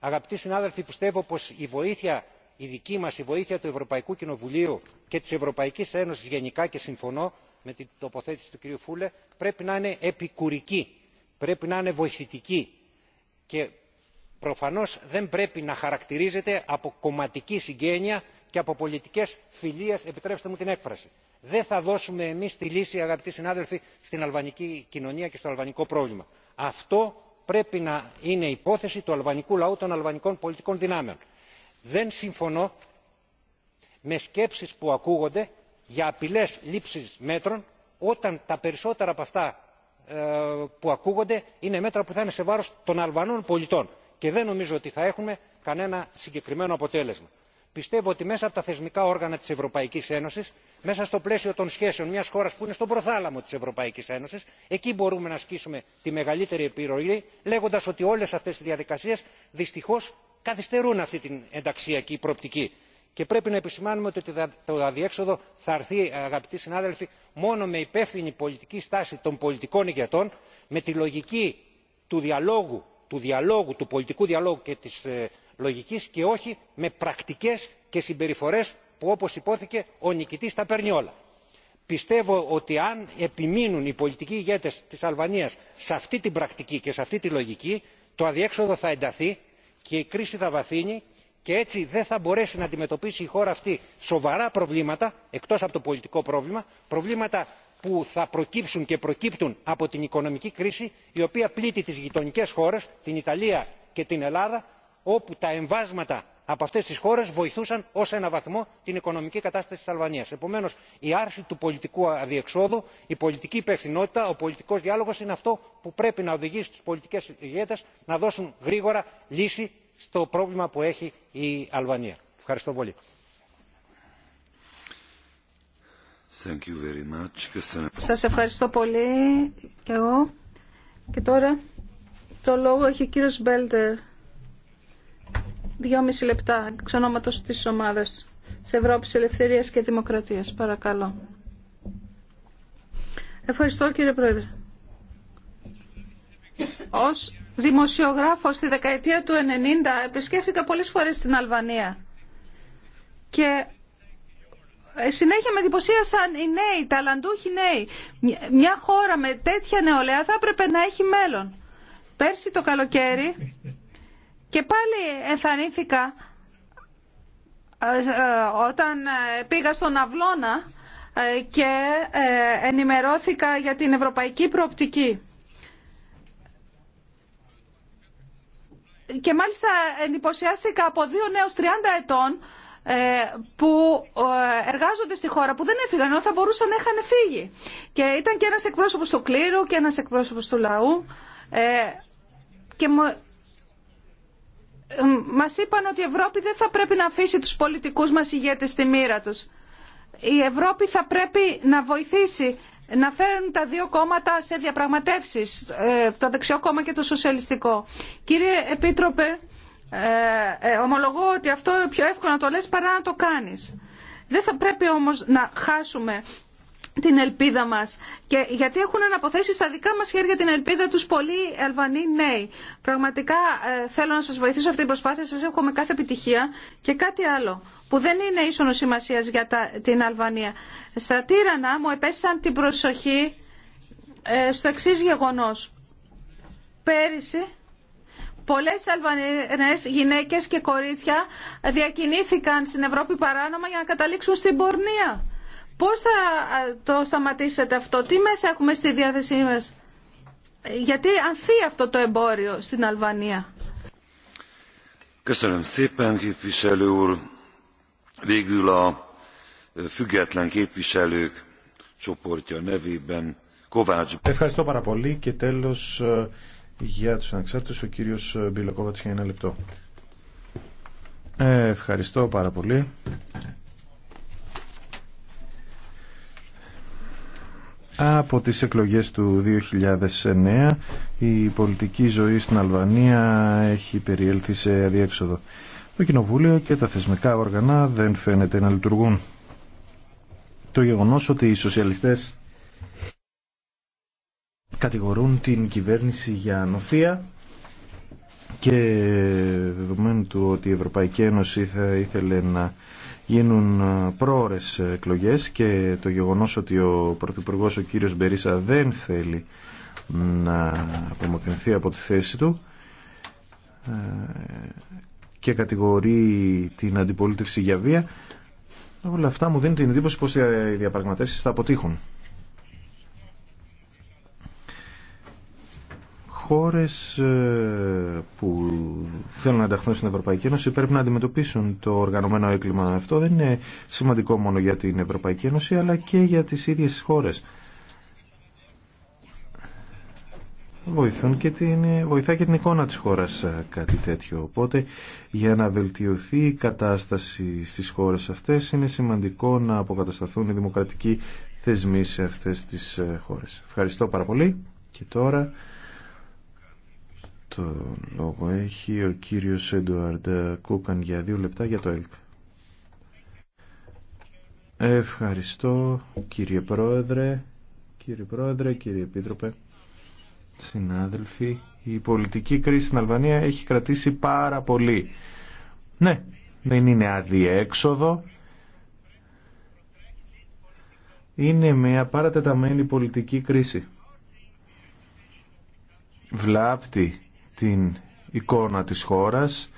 [SPEAKER 4] αγαπητοί συνάδελφοι πιστεύω πω η βοήθεια η δική μα η βοήθεια του ευρωπαϊκού κοινοβουλίου και τη ευρωπαϊκή ένωση γενικά και συμφωνώ με την τοποθέτηση του κ. φούλε πρέπει να είναι επικουρική πρέπει να είναι βοηθητική και προφανώς δεν πρέπει να χαρακτηρίζεται από κομματική συγγένεια και από πολιτικές φιλίες επιτρέψτε μου την έκφραση. δεν θα δώσουμε εμείς τη λύση αγαπητοί συνάδελφοι στην αλβανική κοινωνία και στο αλβανικό πρόβλημα. αυτό πρέπει να είναι υπόθεση του αλβανικού λαού των αλβανικών πολιτικών δυνάμεων. δεν συμφωνώ με σκέψεις που ακούγονται για απειλές λήψης μέτρων όταν τα περισσότερα από αυτά ε, που ακούγονται είναι μέτρα που θα είναι σε βάρο των αλβανών πολιτών και δεν νομίζω ότι θα έχουμε κανένα συγκεκριμένο αποτέλεσμα. πιστεύω ότι μέσα από τα θεσμικά όργανα τη Ευρωπαϊκή Ένωση, μέσα στο πλαίσιο των σχέσεων μια χώρα που είναι στον προθάλαμο τη Ευρωπαϊκή Ένωση, εκεί μπορούμε να ασκήσουμε τη μεγαλύτερη επιρροή λέγοντα ότι όλε αυτέ οι διαδικασίε δυστυχώ καθυστερούν αυτή την ενταξιακή προοπτική και πρέπει να επισημάνουμε ότι το αδιέξοδο θα έρθει αγαπητοί συνάδελφοι μόνο με υπεύθυνη πολιτική στάση των πολιτικών ηγετών με τη λογική του διαλόγου του διαλόγου του πολιτικού διαλόγου και της ε, λογικής και όχι με πρακτικές και συμπεριφορές που όπως υπόθηκε ο νικητής τα παίρνει όλα. πιστεύω ότι αν επιμείνουν οι πολιτικοί ηγέτες της αλβανίας σε αυτή την πρακτική και σε αυτή τη λογική το αδιέξοδο θα ενταθεί και η κρίση θα βαθύνει και έτσι δεν θα μπορέσει να αντιμετωπίσει η χώρα αυτή σοβαρά προβλήματα εκτός από το πολιτικό πρόβλημα προβλήματα που θα προκύψουν και προκύπτουν από την οικονομική κρίση η οποία πλήττει τις γειτονικές χώρες την ιταλία και την ελλάδα όπου τα εμβάσματα από αυτές τις χώρες βοηθούσαν ως ένα βαθμό την οικονομική κατάσταση της αλβανίας. επομένως η άρση του πολιτικού αδιεξόδου η πολιτική υπευθυνότητα ο πολιτικός διάλογος είναι αυτό που πρέπει να οδηγήσει τους πολιτικές ηγέτες να δώσουν γρήγορα λύση στο πρόβλημα που έχει η αλβανία. ευχαριστώ πολύ. Thank Σας
[SPEAKER 3] ευχαριστώ πολύ και εγώ. Και τώρα το λόγο έχει ο κύριος Μπέλτερ. Δυόμιση λεπτά εξ ονόματος της ομάδας της Ευρώπης Ελευθερίας και Δημοκρατίας. Παρακαλώ. Ευχαριστώ κύριε Πρόεδρε. Ως δημοσιογράφος στη δεκαετία του 90 επισκέφθηκα πολλές φορές στην Αλβανία και ε, συνέχεια με εντυπωσίασαν οι νέοι, τα λαντούχοι νέοι. Μια χώρα με τέτοια νεολαία θα έπρεπε να έχει μέλλον. Πέρσι το καλοκαίρι και πάλι ενθαρρύνθηκα ε, ε, όταν πήγα στον Αυλώνα και ενημερώθηκα για την ευρωπαϊκή προοπτική. Και μάλιστα εντυπωσιάστηκα από δύο νέους 30 ετών ε, που ε, εργάζονται στη χώρα που δεν έφυγαν θα μπορούσαν να είχαν φύγει. Και ήταν και ένας εκπρόσωπος του κλήρου και ένας εκπρόσωπος του λαού ε, και μας είπαν ότι η Ευρώπη δεν θα πρέπει να αφήσει τους πολιτικούς μας ηγέτες στη μοίρα τους. Η Ευρώπη θα πρέπει να βοηθήσει να φέρουν τα δύο κόμματα σε διαπραγματεύσεις, το δεξιό κόμμα και το σοσιαλιστικό. Κύριε Επίτροπε, ε, ε, ομολογώ ότι αυτό είναι πιο εύκολο να το λες παρά να το κάνεις. Δεν θα πρέπει όμως να χάσουμε την ελπίδα μας και γιατί έχουν αναποθέσει στα δικά μας χέρια την ελπίδα τους πολλοί Αλβανοί νέοι. Πραγματικά ε, θέλω να σας βοηθήσω αυτή την προσπάθεια, σας με κάθε επιτυχία και κάτι άλλο που δεν είναι ίσονο σημασία για την Αλβανία. Στα Τύρανα μου επέσαν την προσοχή ε, στο εξή γεγονός. Πέρυσι Πολλές Αλβανές γυναίκες και κορίτσια διακινήθηκαν στην Ευρώπη παράνομα για να καταλήξουν στην πορνεία. Πώς θα το σταματήσετε αυτό, τι μέσα έχουμε στη διάθεσή μας. Γιατί ανθεί αυτό το εμπόριο στην Αλβανία.
[SPEAKER 1] Ευχαριστώ
[SPEAKER 6] πάρα πολύ και τέλος ε, για τους ανεξάρτητους ο κύριος Μπιλοκόβατς για ένα λεπτό. Ε, ευχαριστώ πάρα πολύ. Από τις εκλογές του 2009 η πολιτική ζωή στην Αλβανία έχει περιέλθει σε αδιέξοδο. Το Κοινοβούλιο και τα θεσμικά όργανα δεν φαίνεται να λειτουργούν. Το γεγονός ότι οι σοσιαλιστές κατηγορούν την κυβέρνηση για ανοθεία και δεδομένου του ότι η Ευρωπαϊκή Ένωση θα ήθελε να γίνουν πρόορες εκλογές και το γεγονός ότι ο Πρωθυπουργός ο κύριος Μπερίσα δεν θέλει να απομακρυνθεί από τη θέση του ε, και κατηγορεί την αντιπολίτευση για βία όλα αυτά μου δίνουν την εντύπωση πως οι διαπραγματεύσεις θα αποτύχουν. χώρες ε, που θέλουν να ενταχθούν στην Ευρωπαϊκή Ένωση πρέπει να αντιμετωπίσουν το οργανωμένο έγκλημα. Αυτό δεν είναι σημαντικό μόνο για την Ευρωπαϊκή Ένωση αλλά και για τις ίδιες χώρες. Βοηθούν και την, βοηθά και την εικόνα της χώρας ε, κάτι τέτοιο. Οπότε για να βελτιωθεί η κατάσταση στις χώρες αυτές είναι σημαντικό να αποκατασταθούν οι δημοκρατικοί θεσμοί σε αυτές τις ε, χώρες. Ευχαριστώ πάρα πολύ και τώρα το λόγο έχει ο κύριος Εντουαρντ Κούκαν για δύο λεπτά για το ΕΛΚ. Ευχαριστώ κύριε Πρόεδρε, κύριε Πρόεδρε, κύριε Επίτροπε, συνάδελφοι. Η πολιτική κρίση στην Αλβανία έχει κρατήσει πάρα πολύ. Ναι, δεν είναι αδιέξοδο. Είναι μια παρατεταμένη πολιτική κρίση. Βλάπτει την εικόνα της χώρας,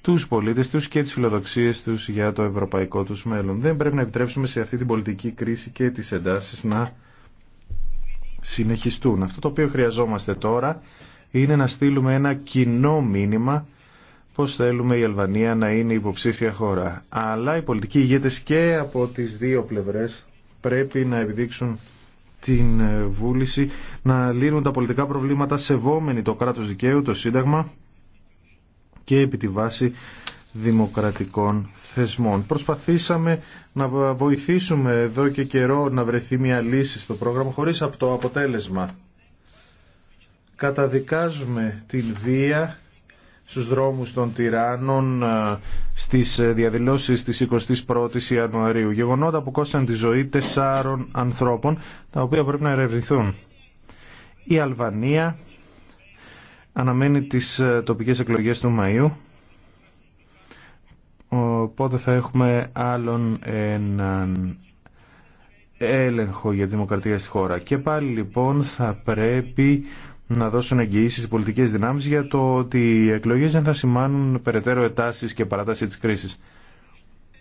[SPEAKER 6] τους πολίτες τους και τις φιλοδοξίες τους για το ευρωπαϊκό τους μέλλον. Δεν πρέπει να επιτρέψουμε σε αυτή την πολιτική κρίση και τις εντάσεις να συνεχιστούν. Αυτό το οποίο χρειαζόμαστε τώρα είναι να στείλουμε ένα κοινό μήνυμα πώς θέλουμε η Αλβανία να είναι υποψήφια χώρα. Αλλά οι πολιτικοί ηγέτες και από τις δύο πλευρές πρέπει να επιδείξουν την ε, βούληση να λύνουν τα πολιτικά προβλήματα σεβόμενοι το κράτος δικαίου, το Σύνταγμα και επί τη βάση δημοκρατικών θεσμών. Προσπαθήσαμε να βοηθήσουμε εδώ και καιρό να βρεθεί μια λύση στο πρόγραμμα χωρίς από το αποτέλεσμα. Καταδικάζουμε την βία στους δρόμους των τυράννων ε, στις ε, διαδηλώσεις της 21ης Ιανουαρίου. Γεγονότα που κόστησαν τη ζωή τεσσάρων ανθρώπων, τα οποία πρέπει να ερευνηθούν. Η Αλβανία αναμένει τις ε, τοπικές εκλογές του Μαΐου, οπότε θα έχουμε άλλον έναν έλεγχο για δημοκρατία στη χώρα. Και πάλι λοιπόν θα πρέπει να δώσουν εγγυήσει οι πολιτικές δυνάμεις για το ότι οι εκλογές δεν θα σημάνουν περαιτέρω ετάσεις και παράταση της κρίσης.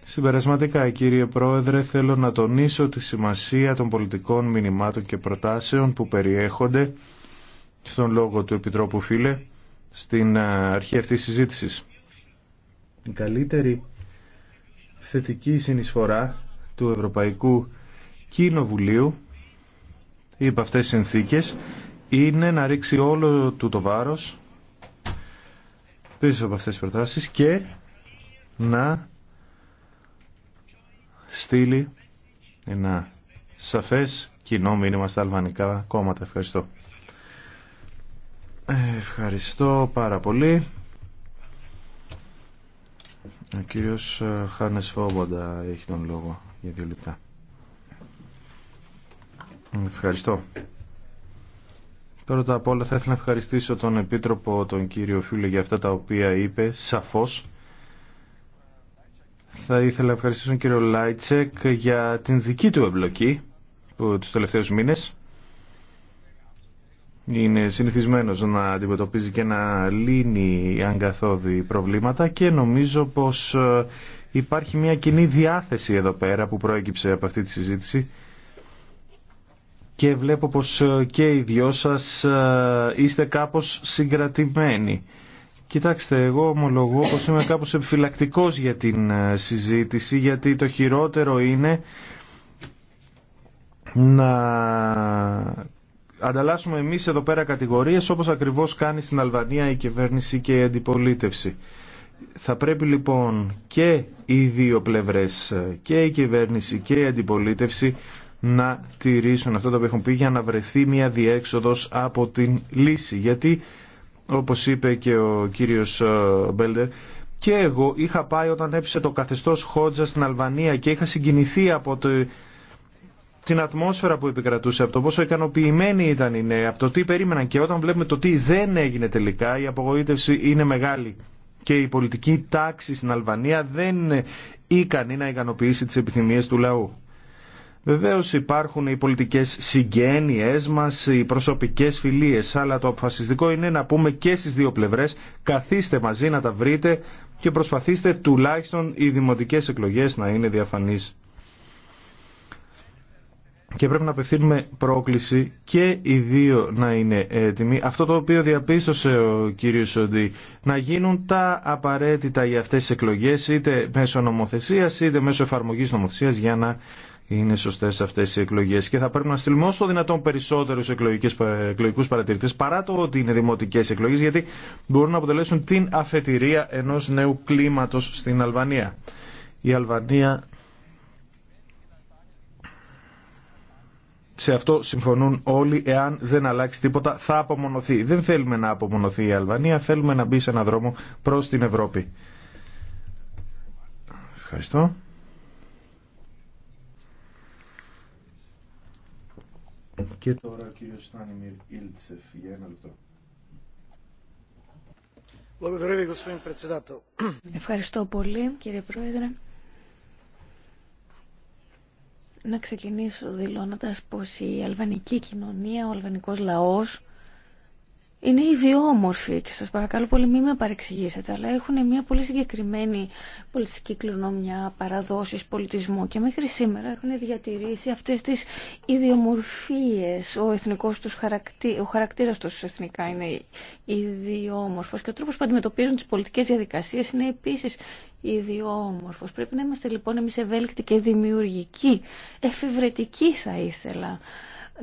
[SPEAKER 6] Συμπερασματικά, κύριε Πρόεδρε, θέλω να τονίσω τη σημασία των πολιτικών μηνυμάτων και προτάσεων που περιέχονται στον λόγο του Επιτρόπου Φίλε στην αρχή αυτής της συζήτησης. Η καλύτερη θετική συνεισφορά του Ευρωπαϊκού Κοινοβουλίου υπ' αυτές τις συνθήκες είναι να ρίξει όλο του το βάρος πίσω από αυτές τις προτάσεις και να στείλει ένα σαφές κοινό μήνυμα στα αλβανικά κόμματα. Ευχαριστώ. Ευχαριστώ πάρα πολύ. Ο κύριος ε, Χάνες Φόμποντα έχει τον λόγο για δύο λεπτά. Ευχαριστώ. Πρώτα απ' όλα θα ήθελα να ευχαριστήσω τον Επίτροπο, τον κύριο Φιούλε για αυτά τα οποία είπε, σαφώς. Θα ήθελα να ευχαριστήσω τον κύριο Λάιτσεκ για την δική του εμπλοκή που τους τελευταίους μήνες. Είναι συνηθισμένος να αντιμετωπίζει και να λύνει αγκαθόδη προβλήματα και νομίζω πως ε, υπάρχει μια κοινή διάθεση εδώ πέρα που προέκυψε από αυτή τη συζήτηση και βλέπω πως ε, και οι δυο σας ε, είστε κάπως συγκρατημένοι. Κοιτάξτε, εγώ ομολογώ πως είμαι κάπως επιφυλακτικός για την ε, συζήτηση, γιατί το χειρότερο είναι να ανταλλάσσουμε εμείς εδώ πέρα κατηγορίες, όπως ακριβώς κάνει στην Αλβανία η κυβέρνηση και η αντιπολίτευση. Θα πρέπει λοιπόν και οι δύο πλευρές, και η κυβέρνηση και η αντιπολίτευση, να τηρήσουν αυτό το που έχουν πει για να βρεθεί μια διέξοδος από την λύση. Γιατί, όπως είπε και ο κύριος ε, Μπέλτερ, και εγώ είχα πάει όταν έπισε το καθεστώς Χότζα στην Αλβανία και είχα συγκινηθεί από το, την ατμόσφαιρα που επικρατούσε, από το πόσο ικανοποιημένοι ήταν οι νέοι, από το τι περίμεναν και όταν βλέπουμε το τι δεν έγινε τελικά, η απογοήτευση είναι μεγάλη. Και η πολιτική τάξη στην Αλβανία δεν είναι ικανή να ικανοποιήσει τις επιθυμίες του λαού. Βεβαίω υπάρχουν οι πολιτικές συγγένειές μας, οι προσωπικές φιλίες, αλλά το αποφασιστικό είναι να πούμε και στις δύο πλευρές καθίστε μαζί να τα βρείτε και προσπαθήστε τουλάχιστον οι δημοτικές εκλογές να είναι διαφανείς. Και πρέπει να απευθύνουμε πρόκληση και οι δύο να είναι έτοιμοι. Αυτό το οποίο διαπίστωσε ο κύριος Σοντή, να γίνουν τα απαραίτητα για αυτέ τι εκλογέ, είτε μέσω νομοθεσία, είτε μέσω εφαρμογή νομοθεσία για να είναι σωστέ αυτές οι εκλογέ. και θα πρέπει να στείλουμε όσο δυνατόν περισσότερου ε, εκλογικούς, παρατηρητέ, παρατηρητές παρά το ότι είναι δημοτικές εκλογές γιατί μπορούν να αποτελέσουν την αφετηρία ενός νέου κλίματος στην Αλβανία. Η Αλβανία σε αυτό συμφωνούν όλοι, εάν δεν αλλάξει τίποτα θα απομονωθεί. Δεν θέλουμε να απομονωθεί η Αλβανία, θέλουμε να μπει σε έναν δρόμο προς την Ευρώπη. Ευχαριστώ. Και τώρα ο κύριο Στάνιμιρ Ιλτσεφ για ένα λεπτό.
[SPEAKER 7] Ευχαριστώ πολύ κύριε Πρόεδρε. Να ξεκινήσω δηλώνοντας πως η αλβανική κοινωνία, ο αλβανικός λαός είναι ιδιόμορφοι και σας παρακαλώ πολύ μην με παρεξηγήσετε, αλλά έχουν μια πολύ συγκεκριμένη πολιτική κληρονομιά, παραδόσεις, πολιτισμό και μέχρι σήμερα έχουν διατηρήσει αυτές τις ιδιομορφίες. Ο, εθνικός τους χαρακτή, ο χαρακτήρας τους εθνικά είναι ιδιόμορφος και ο τρόπος που αντιμετωπίζουν τις πολιτικές διαδικασίες είναι επίσης ιδιόμορφος. Πρέπει να είμαστε λοιπόν εμείς ευέλικτοι και δημιουργικοί, εφευρετικοί θα ήθελα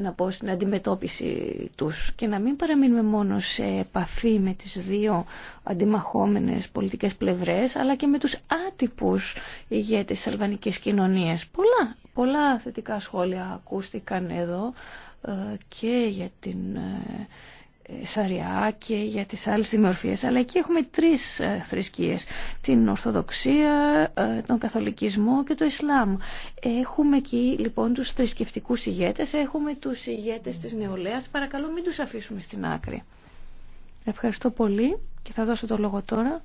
[SPEAKER 7] να πω, στην αντιμετώπιση τους και να μην παραμείνουμε μόνο σε επαφή με τις δύο αντιμαχόμενες πολιτικές πλευρές αλλά και με τους άτυπους ηγέτες της αλβανικής κοινωνίας. Πολλά, πολλά θετικά σχόλια ακούστηκαν εδώ ε, και για την ε, Σαριά και για τις άλλες δημορφίες αλλά εκεί έχουμε τρεις ε, θρησκείες την Ορθοδοξία, ε, τον Καθολικισμό και το Ισλάμ έχουμε εκεί λοιπόν τους θρησκευτικού ηγέτες έχουμε τους ηγέτες της νεολαίας παρακαλώ μην τους αφήσουμε στην άκρη Ευχαριστώ πολύ και θα δώσω το λόγο τώρα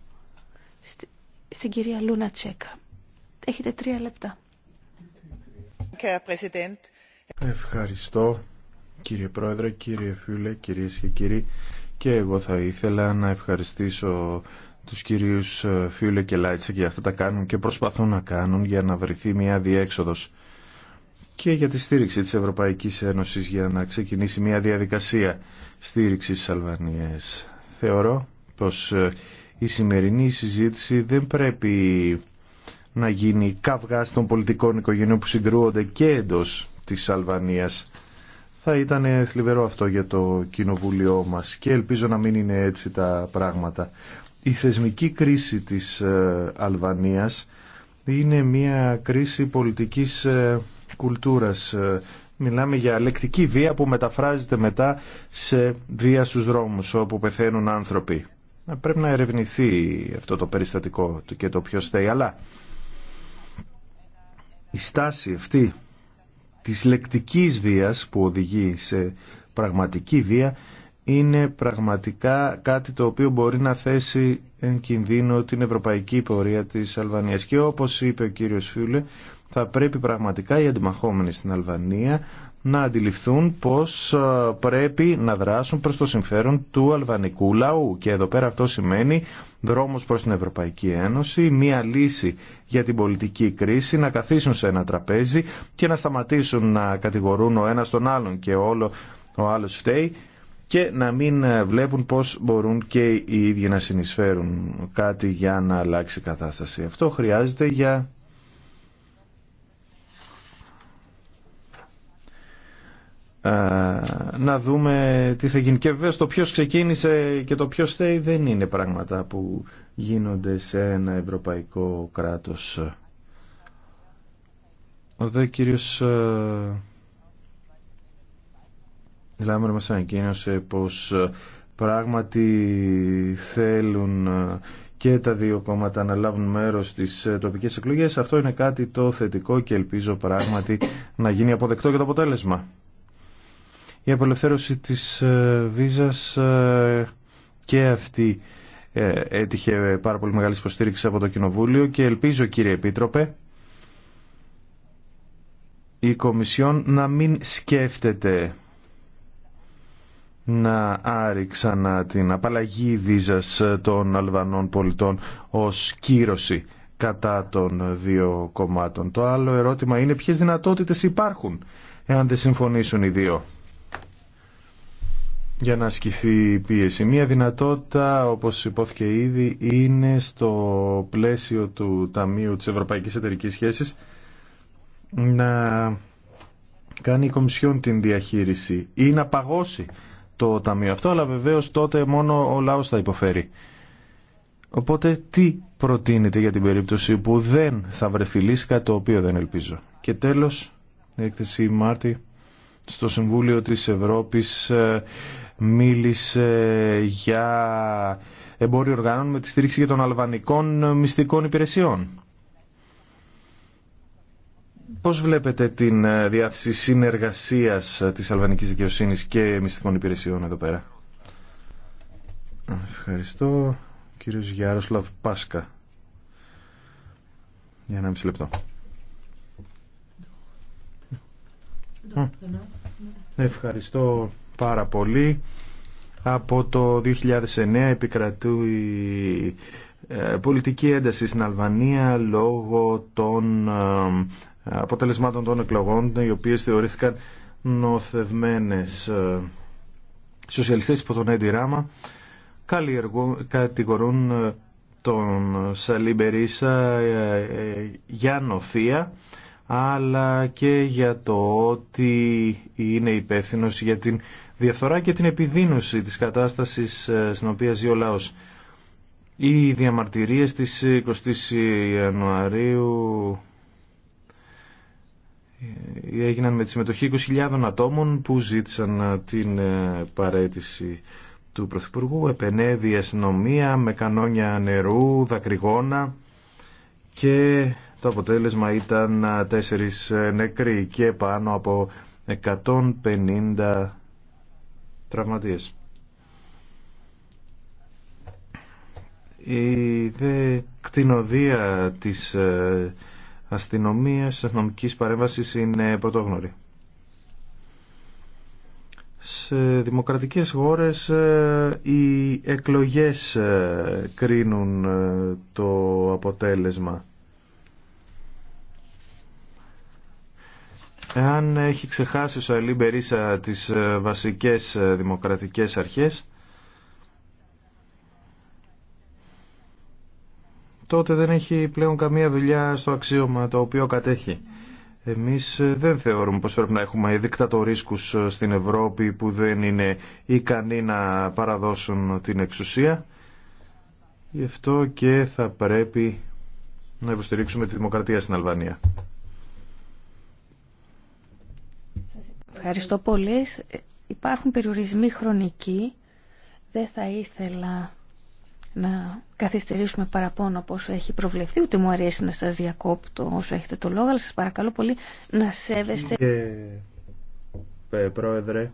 [SPEAKER 7] στην κυρία Λούνα Τσέκα Έχετε τρία λεπτά
[SPEAKER 6] Ευχαριστώ Κύριε Πρόεδρε, κύριε Φίλε, κυρίες και κύριοι, και εγώ θα ήθελα να ευχαριστήσω τους κυρίους ε, Φίλε και Λάιτσα για αυτά τα κάνουν και προσπαθούν να κάνουν για να βρεθεί μια διέξοδος και για τη στήριξη της Ευρωπαϊκής Ένωσης για να ξεκινήσει μια διαδικασία στήριξης της Αλβανίας. Θεωρώ πως ε, η σημερινή συζήτηση δεν πρέπει να γίνει καυγά των πολιτικών οικογενειών που συγκρούονται και εντός της Αλβανίας θα ήταν θλιβερό αυτό για το κοινοβούλιο μας και ελπίζω να μην είναι έτσι τα πράγματα. Η θεσμική κρίση της ε, Αλβανίας είναι μια κρίση πολιτικής ε, κουλτούρας. Ε, μιλάμε για λεκτική βία που μεταφράζεται μετά σε βία στους δρόμους όπου πεθαίνουν άνθρωποι. Πρέπει να ερευνηθεί αυτό το περιστατικό και το ποιος θέλει. Αλλά η στάση αυτή της λεκτικής βίας που οδηγεί σε πραγματική βία είναι πραγματικά κάτι το οποίο μπορεί να θέσει εν κινδύνο την ευρωπαϊκή πορεία της Αλβανίας. Και όπως είπε ο κύριος Φιούλε, θα πρέπει πραγματικά οι αντιμαχόμενοι στην Αλβανία να αντιληφθούν πως ε, πρέπει να δράσουν προς το συμφέρον του αλβανικού λαού. Και εδώ πέρα αυτό σημαίνει δρόμος προς την Ευρωπαϊκή Ένωση, μία λύση για την πολιτική κρίση, να καθίσουν σε ένα τραπέζι και να σταματήσουν να κατηγορούν ο ένας τον άλλον και όλο ο άλλος φταίει και να μην ε, βλέπουν πώς μπορούν και οι ίδιοι να συνεισφέρουν κάτι για να αλλάξει η κατάσταση. Αυτό χρειάζεται για Ε, να δούμε τι θα γίνει. Και βέβαια το ποιο ξεκίνησε και το ποιο θέλει δεν είναι πράγματα που γίνονται σε ένα ευρωπαϊκό κράτος. Ο δε κύριος ε, Λάμερ μας ανακοίνωσε πως ε, πράγματι θέλουν και τα δύο κόμματα να λάβουν μέρος στις τοπικές εκλογές. Αυτό είναι κάτι το θετικό και ελπίζω πράγματι να γίνει αποδεκτό και το αποτέλεσμα. Η απελευθέρωση της ε, βίζας ε, και αυτή ε, έτυχε πάρα πολύ μεγάλη υποστήριξη από το Κοινοβούλιο και ελπίζω κύριε Επίτροπε η Κομισιόν να μην σκέφτεται να άρει ξανά την απαλλαγή βίζας των Αλβανών πολιτών ως κύρωση κατά των δύο κομμάτων. Το άλλο ερώτημα είναι ποιες δυνατότητες υπάρχουν εάν δεν συμφωνήσουν οι δύο για να ασκηθεί η πίεση. Μία δυνατότητα, όπως υπόθηκε ήδη, είναι στο πλαίσιο του Ταμείου της Ευρωπαϊκής Εταιρικής Σχέσης να κάνει η Κομισιόν την διαχείριση ή να παγώσει το Ταμείο αυτό, αλλά βεβαίως τότε μόνο ο λαός θα υποφέρει. Οπότε τι προτείνετε για την περίπτωση που δεν θα βρεθεί λύση, κάτι το οποίο δεν ελπίζω. Και τέλος, η έκθεση Μάρτη στο Συμβούλιο της Ευρώπης ε, μίλησε για εμπόριο οργάνων με τη στήριξη για των αλβανικών μυστικών υπηρεσιών. Πώς βλέπετε την ε, διάθεση συνεργασίας ε, της αλβανικής δικαιοσύνης και μυστικών υπηρεσιών εδώ πέρα. Ευχαριστώ. Κύριος Γιάροσλαβ Πάσκα. Για ένα μισή λεπτό. Ευχαριστώ πάρα πολύ. Από το 2009 επικρατούει ε, πολιτική ένταση στην Αλβανία λόγω των ε, αποτελεσμάτων των εκλογών οι οποίες θεωρήθηκαν νοθευμένες ε, σοσιαλιστές υπό τον Έντι Ράμα κατηγορούν τον Σαλιμπερίσα για νοθεία αλλά και για το ότι είναι υπεύθυνος για την διαφθορά και την επιδείνωση της κατάστασης ε, στην οποία ζει ο λαός. Οι διαμαρτυρίες της 20 Ιανουαρίου ε, έγιναν με τη συμμετοχή 20.000 ατόμων που ζήτησαν ε, την παρέτηση του Πρωθυπουργού. Επενέβη η αστυνομία με κανόνια νερού, δακρυγόνα και το αποτέλεσμα ήταν τέσσερις νεκροί και πάνω από 150 η δε κτηνοδία της ε, αστυνομίας, της αστυνομικής παρέμβασης είναι πρωτόγνωρη. Σε δημοκρατικές χώρες ε, οι εκλογές ε, κρίνουν το αποτέλεσμα εάν έχει ξεχάσει ο Σαλή Μπερίσα τις ε, βασικές ε, δημοκρατικές αρχές τότε δεν έχει πλέον καμία δουλειά στο αξίωμα το οποίο κατέχει. Εμείς ε, δεν θεωρούμε πως πρέπει να έχουμε δικτατορίσκους στην Ευρώπη που δεν είναι ικανοί να παραδώσουν την εξουσία. Γι' αυτό και θα πρέπει να υποστηρίξουμε τη δημοκρατία στην Αλβανία.
[SPEAKER 7] Ευχαριστώ πολύ. Υπάρχουν περιορισμοί χρονικοί. Δεν θα ήθελα να καθυστερήσουμε παραπάνω από όσο έχει προβλεφθεί. Ούτε μου αρέσει να σας διακόπτω όσο έχετε το λόγο, αλλά σας παρακαλώ πολύ να σέβεστε.
[SPEAKER 6] Κύριε Πρόεδρε,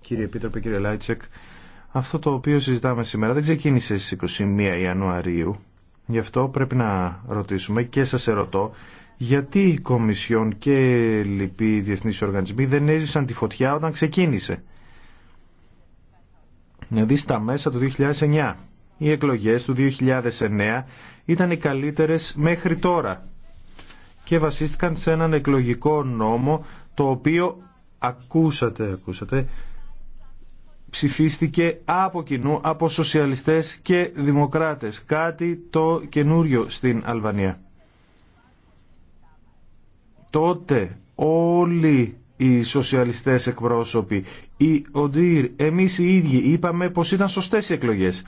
[SPEAKER 6] κύριε Επίτροπε, κύριε Λάιτσεκ, αυτό το οποίο συζητάμε σήμερα δεν ξεκίνησε στις 21 Ιανουαρίου. Γι' αυτό πρέπει να ρωτήσουμε και σας ερωτώ γιατί η Κομισιόν και λοιποί διεθνείς οργανισμοί δεν έζησαν τη φωτιά όταν ξεκίνησε. Δηλαδή στα μέσα του 2009. Οι εκλογές του 2009 ήταν οι καλύτερες μέχρι τώρα και βασίστηκαν σε έναν εκλογικό νόμο το οποίο ακούσατε, ακούσατε, ψηφίστηκε από κοινού από σοσιαλιστές και δημοκράτες. Κάτι το καινούριο στην Αλβανία τότε όλοι οι σοσιαλιστές εκπρόσωποι, οι ΟΝΤΙΡ, εμείς οι ίδιοι είπαμε πως ήταν σωστές οι εκλογές.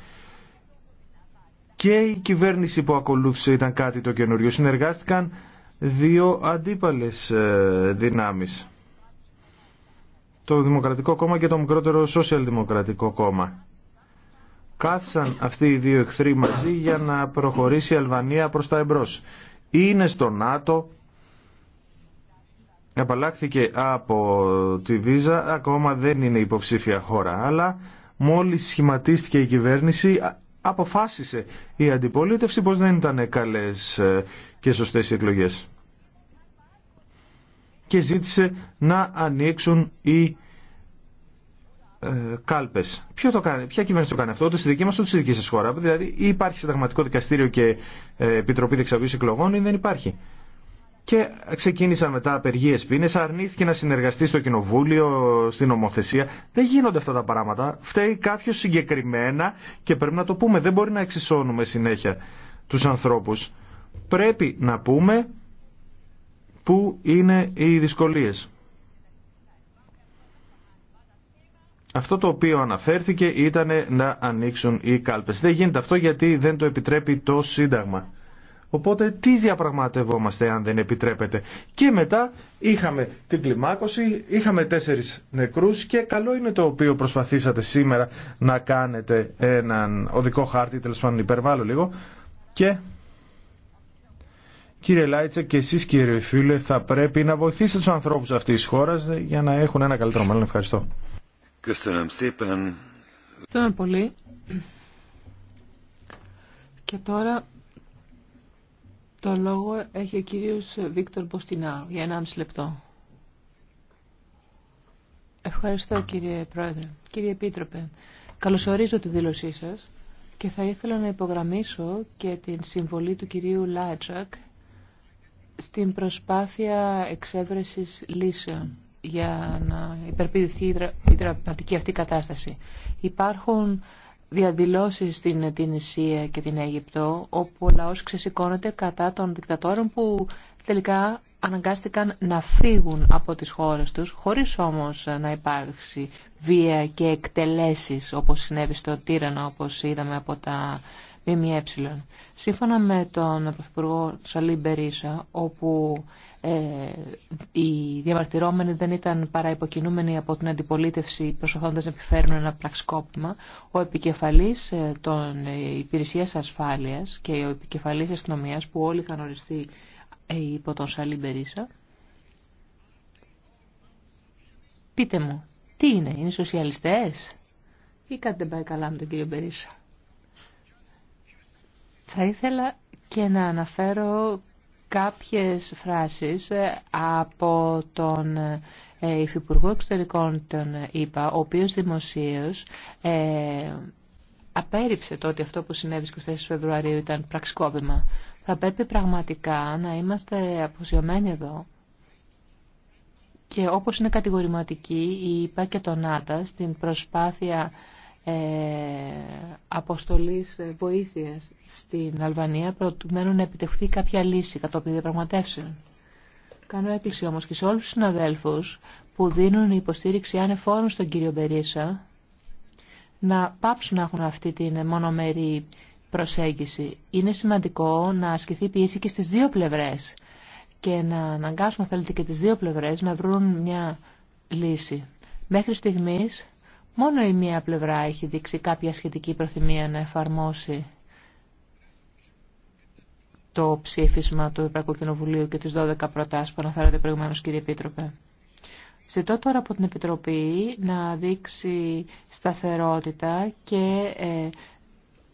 [SPEAKER 6] Και η κυβέρνηση που ακολούθησε ήταν κάτι το καινούριο. Συνεργάστηκαν δύο αντίπαλες ε, δυνάμεις. Το Δημοκρατικό Κόμμα και το μικρότερο Σοσιαλδημοκρατικό Κόμμα. Κάθισαν αυτοί οι δύο εχθροί μαζί για να προχωρήσει η Αλβανία προς τα εμπρός. Είναι στο ΝΑΤΟ, απαλλάχθηκε από τη Βίζα, ακόμα δεν είναι υποψήφια χώρα, αλλά μόλις σχηματίστηκε η κυβέρνηση αποφάσισε η αντιπολίτευση πως δεν ήταν καλές ε, και σωστές οι εκλογές και ζήτησε να ανοίξουν οι κάλπε. κάλπες. Ποιο το κάνει, ποια κυβέρνηση το κάνει αυτό, ούτε στη δική μα ούτε στη δική σα χώρα. Δηλαδή υπάρχει συνταγματικό δικαστήριο και ε, επιτροπή διεξαγωγή εκλογών ή δεν υπάρχει και ξεκίνησαν μετά απεργίε πίνε, αρνήθηκε να συνεργαστεί στο κοινοβούλιο, στην ομοθεσία. Δεν γίνονται αυτά τα πράγματα. Φταίει κάποιο συγκεκριμένα και πρέπει να το πούμε. Δεν μπορεί να εξισώνουμε συνέχεια του ανθρώπου. Πρέπει να πούμε πού είναι οι δυσκολίε. Αυτό το οποίο αναφέρθηκε ήταν να ανοίξουν οι κάλπες. Δεν γίνεται αυτό γιατί δεν το επιτρέπει το Σύνταγμα. Οπότε τι διαπραγματευόμαστε αν δεν επιτρέπεται. Και μετά είχαμε την κλιμάκωση, είχαμε τέσσερις νεκρούς και καλό είναι το οποίο προσπαθήσατε σήμερα να κάνετε έναν οδικό χάρτη, τέλος πάντων υπερβάλλω λίγο. Και κύριε Λάιτσα και εσείς κύριε Φίλε θα πρέπει να βοηθήσετε τους
[SPEAKER 1] ανθρώπους αυτής της χώρας για
[SPEAKER 6] να έχουν ένα καλύτερο μέλλον. Ευχαριστώ.
[SPEAKER 1] Ευχαριστώ
[SPEAKER 8] πολύ. Και τώρα το λόγο έχει ο κύριος Βίκτορ Μποστινάρου για 1,5 λεπτό. Ευχαριστώ κύριε Πρόεδρε. Κύριε Επίτροπε, καλωσορίζω τη δήλωσή σας και θα ήθελα να υπογραμμίσω και την συμβολή του κυρίου Λάτζακ στην προσπάθεια εξέβρεσης λύσεων για να υπερπηδηθεί η δραματική αυτή κατάσταση. Υπάρχουν Διαδηλώσει στην Τινησία και την Αίγυπτο, όπου ο λαός ξεσηκώνεται κατά των δικτατόρων που τελικά αναγκάστηκαν να φύγουν από τις χώρες τους, χωρίς όμως να υπάρξει βία και εκτελέσεις όπως συνέβη στο Τύρανο, όπως είδαμε από τα ΜΜΕ. Σύμφωνα με τον Πρωθυπουργό Σαλή Μπερίσα, όπου ε, οι διαμαρτυρόμενοι δεν ήταν παρά υποκινούμενοι από την αντιπολίτευση προσπαθώντας να επιφέρουν ένα πραξικόπημα, ο επικεφαλής ε, των ε, υπηρεσίας ασφάλειας και ο επικεφαλής αστυνομία που όλοι είχαν οριστεί υπό τον Σαλή Μπερίσα, πείτε μου, τι είναι, είναι σοσιαλιστές ή κάτι δεν πάει καλά με τον κύριο Μπερίσα. Θα ήθελα και να αναφέρω κάποιες φράσεις ε, από τον ε, Υφυπουργό Εξωτερικών τον ΗΠΑ, ο οποίος δημοσίως ε, απέριψε το ότι αυτό που συνέβη στις 24 Φεβρουαρίου ήταν πραξικόπημα. Θα πρέπει πραγματικά να είμαστε αποσιωμένοι εδώ και όπως είναι κατηγορηματική η ΙΠΑ και τον ΝΑΤΑ στην προσπάθεια ε, αποστολής βοήθειας στην Αλβανία προκειμένου να επιτευχθεί κάποια λύση κατόπιν διαπραγματεύσεων. Κάνω έκκληση όμως και σε όλους τους συναδέλφους που δίνουν υποστήριξη ανεφόρων στον κύριο Μπερίσα να πάψουν να έχουν αυτή την μονομερή προσέγγιση. Είναι σημαντικό να ασκηθεί πίεση και στις δύο πλευρές και να αναγκάσουμε θέλετε και τις δύο πλευρές να βρουν μια λύση. Μέχρι στιγμής Μόνο η μία πλευρά έχει δείξει κάποια σχετική προθυμία να εφαρμόσει το ψήφισμα του Ευρωπαϊκού Κοινοβουλίου και τις 12 προτάσεις που αναφέρατε προηγουμένως κύριε Επίτροπε. Ζητώ τώρα από την Επιτροπή να δείξει σταθερότητα και ε,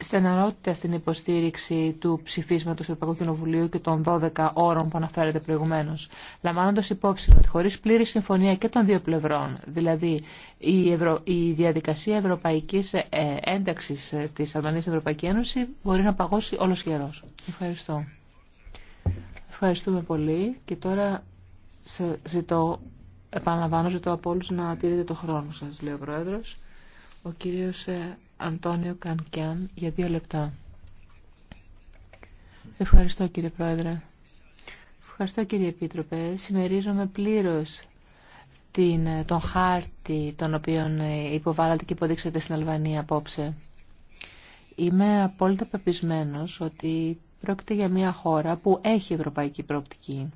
[SPEAKER 8] στεναρότητα στην υποστήριξη του ψηφίσματος του Ευρωπαϊκού Κοινοβουλίου και των 12 όρων που αναφέρεται προηγουμένως, λαμβάνοντας υπόψη ότι χωρίς πλήρη συμφωνία και των δύο πλευρών, δηλαδή η, η διαδικασία ευρωπαϊκής ε, ένταξης της Αλβανίας Ευρωπαϊκή Ένωση μπορεί να παγώσει όλος καιρό. Ευχαριστώ. Ευχαριστούμε πολύ και τώρα σε ζητώ, επαναλαμβάνω, ζητώ από όλους να τηρείτε το χρόνο σας, λέει ο Πρόεδρος. Ο κύριος ε, Αντώνιο Κανκιάν για δύο λεπτά. Ευχαριστώ κύριε Πρόεδρε. Ευχαριστώ κύριε Επίτροπε. Σημερίζομαι πλήρως την, τον χάρτη τον οποίο ε, υποβάλλατε και υποδείξατε στην Αλβανία απόψε. Είμαι απόλυτα πεπισμένος ότι πρόκειται για μια χώρα που έχει ευρωπαϊκή προοπτική.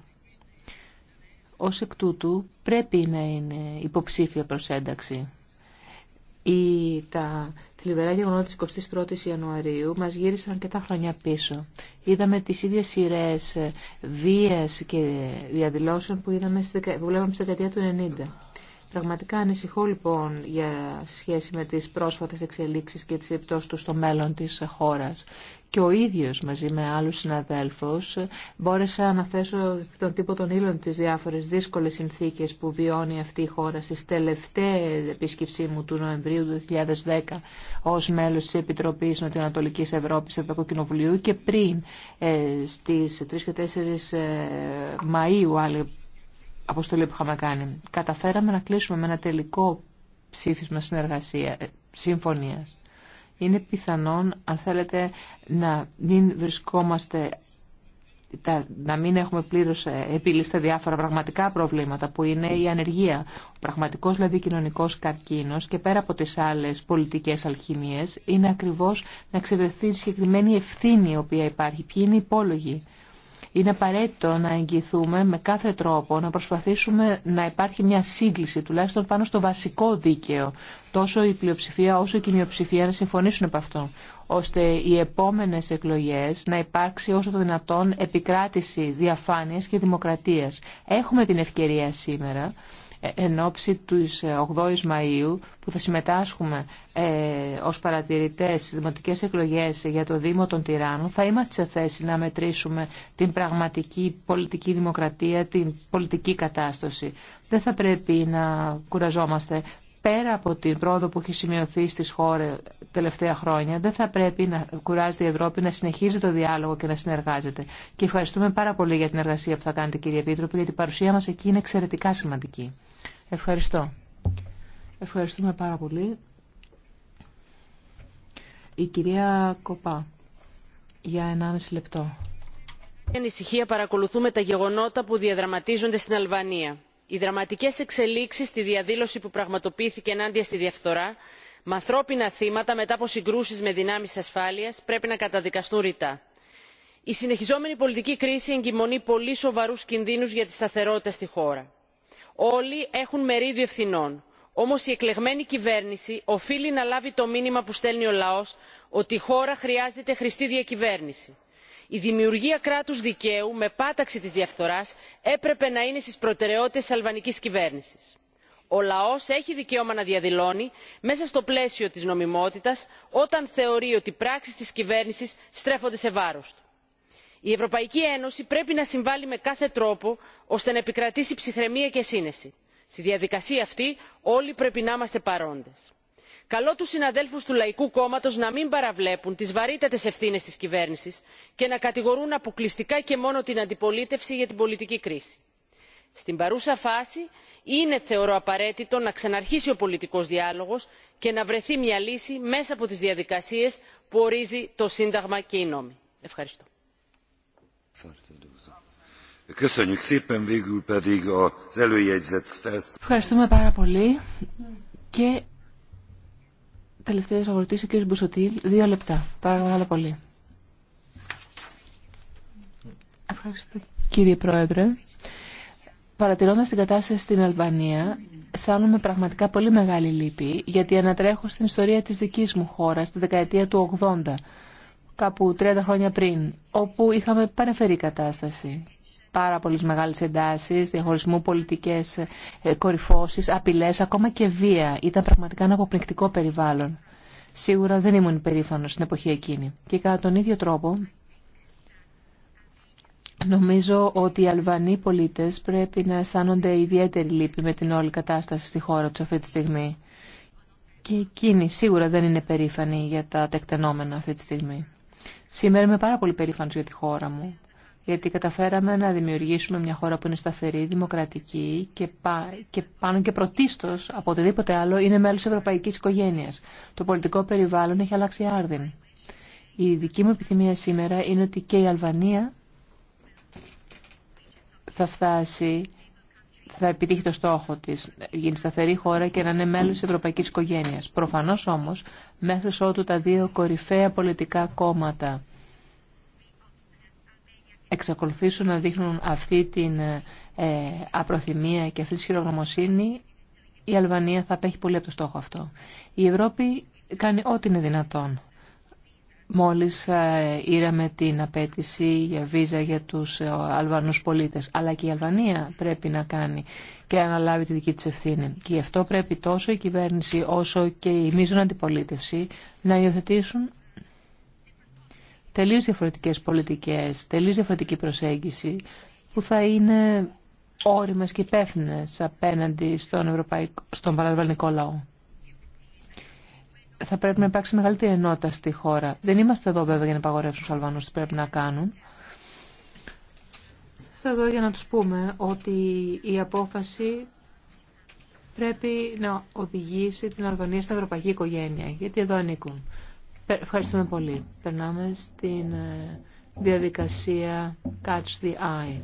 [SPEAKER 8] Ω εκ τούτου πρέπει να είναι υποψήφια προς ένταξη. Η, τα θλιβερά γεγονότα της 21ης Ιανουαρίου μας γύρισαν και τα χρόνια πίσω. Είδαμε τις ίδιες σειρές ε, βίας και διαδηλώσεων που, είδαμε που βλέπαμε στη δεκαετία του 90. Πραγματικά ανησυχώ λοιπόν για σχέση με τις πρόσφατες εξελίξεις και τις επιπτώσεις του στο μέλλον της χώρας. Και ο ίδιος μαζί με άλλους συναδέλφους μπόρεσα να θέσω τον τύπο των ήλων τις διάφορες δύσκολες συνθήκες που βιώνει αυτή η χώρα στις τελευταίες επίσκεψή μου του Νοεμβρίου του 2010 ως μέλος της Επιτροπής Νοτιοανατολικής Ευρώπης Ευρωπαϊκού Κοινοβουλίου και πριν ε, στις 3 και 4 ε, Μαΐου άλλη αποστολή που είχαμε κάνει. Καταφέραμε να κλείσουμε με ένα τελικό ψήφισμα συνεργασία, ε, συμφωνίας. Είναι πιθανόν, αν θέλετε, να μην βρισκόμαστε να μην έχουμε πλήρως ε, επίλυσει διάφορα πραγματικά προβλήματα που είναι η ανεργία, ο πραγματικός δηλαδή κοινωνικός καρκίνος και πέρα από τις άλλες πολιτικές αλχημίες είναι ακριβώς να ξεβρεθεί η συγκεκριμένη ευθύνη η οποία υπάρχει, ποιοι είναι οι υπόλογοι. Είναι απαραίτητο να εγγυηθούμε με κάθε τρόπο να προσπαθήσουμε να υπάρχει μια σύγκληση τουλάχιστον πάνω στο βασικό δίκαιο. Τόσο η πλειοψηφία όσο και η μειοψηφία να συμφωνήσουν από αυτό ώστε οι επόμενες εκλογές να υπάρξει όσο το δυνατόν επικράτηση διαφάνειας και δημοκρατίας. Έχουμε την ευκαιρία σήμερα εν ώψη του ε, 8 Μαΐου που θα συμμετάσχουμε ε, ως παρατηρητές στις δημοτικές εκλογές για το Δήμο των Τυράννων θα είμαστε σε θέση να μετρήσουμε την πραγματική πολιτική δημοκρατία, την πολιτική κατάσταση. Δεν θα πρέπει να κουραζόμαστε πέρα από την πρόοδο που έχει σημειωθεί στις χώρες τελευταία χρόνια, δεν θα πρέπει να κουράζεται η Ευρώπη να συνεχίζει το διάλογο και να συνεργάζεται. Και ευχαριστούμε πάρα πολύ για την εργασία που θα κάνετε κύριε Επίτροπε, γιατί η παρουσία μας εκεί είναι εξαιρετικά σημαντική. Ευχαριστώ. Ευχαριστούμε πάρα πολύ. Η κυρία Κοπά, για 1,5 λεπτό.
[SPEAKER 9] Με ανησυχία παρακολουθούμε τα γεγονότα που διαδραματίζονται στην Αλβανία. Οι δραματικές εξελίξεις στη διαδήλωση που πραγματοποιήθηκε ενάντια στη διαφθορά, με θύματα μετά από συγκρούσεις με δυνάμεις ασφάλειας, πρέπει να καταδικαστούν ρητά. Η συνεχιζόμενη πολιτική κρίση εγκυμονεί πολύ σοβαρούς κινδύνους για τη σταθερότητα στη χώρα όλοι έχουν μερίδιο ευθυνών όμως η εκλεγμένη κυβέρνηση οφείλει να λάβει το μήνυμα που στέλνει ο λαός ότι η χώρα χρειάζεται χρηστή διακυβέρνηση. η δημιουργία κράτους δικαίου με πάταξη της διαφθοράς έπρεπε να είναι στις προτεραιότητες της αλβανικής κυβέρνησης. ο λαός έχει δικαίωμα να διαδηλώνει μέσα στο πλαίσιο της νομιμότητας όταν θεωρεί ότι οι πράξεις της κυβέρνησης στρέφονται σε βάρος του η ευρωπαϊκή ένωση πρέπει να συμβάλλει με κάθε τρόπο ώστε να επικρατήσει ψυχραιμία και σύνεση. στη διαδικασία αυτή όλοι πρέπει να είμαστε παρόντες. καλώ του συναδέλφου του λαϊκού κόμματος να μην παραβλέπουν τις βαρύτατες ευθύνες της κυβέρνησης και να κατηγορούν αποκλειστικά και μόνο την αντιπολίτευση για την πολιτική κρίση. στην παρούσα φάση είναι θεωρώ απαραίτητο να ξαναρχίσει ο πολιτικός διάλογος και να βρεθεί μια λύση μέσα από τι διαδικασίες που ορίζει το σύνταγμα και οι νόμοι. ευχαριστώ.
[SPEAKER 8] Ευχαριστούμε πάρα πολύ. Και τελευταίος αγορητής ο κύριος Μπουσοτήλ, δύο λεπτά. Παρακαλώ πολύ. Ευχαριστώ κύριε Πρόεδρε. Παρατηρώντας την κατάσταση στην Αλβανία, αισθάνομαι πραγματικά πολύ μεγάλη λύπη, γιατί ανατρέχω στην ιστορία της δικής μου χώρας, τη δεκαετία του 80 κάπου 30 χρόνια πριν, όπου είχαμε πανεφερή κατάσταση. Πάρα πολλέ μεγάλε εντάσει, διαχωρισμού πολιτικές ε, κορυφώσει, απειλέ, ακόμα και βία. Ήταν πραγματικά ένα αποπληκτικό περιβάλλον. Σίγουρα δεν ήμουν υπερήφανο στην εποχή εκείνη. Και κατά τον ίδιο τρόπο, νομίζω ότι οι Αλβανοί πολίτε πρέπει να αισθάνονται ιδιαίτερη λύπη με την όλη κατάσταση στη χώρα του αυτή τη στιγμή. Και εκείνοι σίγουρα δεν είναι περήφανοι για τα τεκτενόμενα αυτή τη στιγμή. Σήμερα είμαι πάρα πολύ περήφανο για τη χώρα μου, γιατί καταφέραμε να δημιουργήσουμε μια χώρα που είναι σταθερή, δημοκρατική και, και πάνω και πρωτίστω από οτιδήποτε άλλο είναι μέλος ευρωπαϊκής οικογένειας. Το πολιτικό περιβάλλον έχει αλλάξει άρδιν. Η δική μου επιθυμία σήμερα είναι ότι και η Αλβανία θα φτάσει θα επιτύχει το στόχο της, γίνει σταθερή χώρα και να είναι μέλος της ευρωπαϊκής οικογένειας. Προφανώς όμως, μέχρι ότου τα δύο κορυφαία πολιτικά κόμματα εξακολουθήσουν να δείχνουν αυτή την ε, απροθυμία και αυτή τη χειρογνωμοσύνη, η Αλβανία θα απέχει πολύ από το στόχο αυτό. Η Ευρώπη κάνει ό,τι είναι δυνατόν μόλις είραμε την απέτηση για βίζα για τους ε, Αλβανούς πολίτες. Αλλά και η Αλβανία πρέπει να κάνει και να αναλάβει τη δική της ευθύνη. Και γι' αυτό πρέπει τόσο η κυβέρνηση όσο και η μείζων αντιπολίτευση να υιοθετήσουν τελείως διαφορετικές πολιτικές, τελείως διαφορετική προσέγγιση που θα είναι όριμες και υπεύθυνες απέναντι στον, Ευρωπαϊκό, στον λαό θα πρέπει να υπάρξει μεγαλύτερη ενότητα στη χώρα. Δεν είμαστε εδώ βέβαια για να παγορεύσουν του Αλβανού τι πρέπει να κάνουν. Είμαστε εδώ για να του πούμε ότι η απόφαση πρέπει να οδηγήσει την Αλβανία στην ευρωπαϊκή οικογένεια, γιατί εδώ ανήκουν. Ευχαριστούμε πολύ. Περνάμε στην ε, διαδικασία Catch the Eye.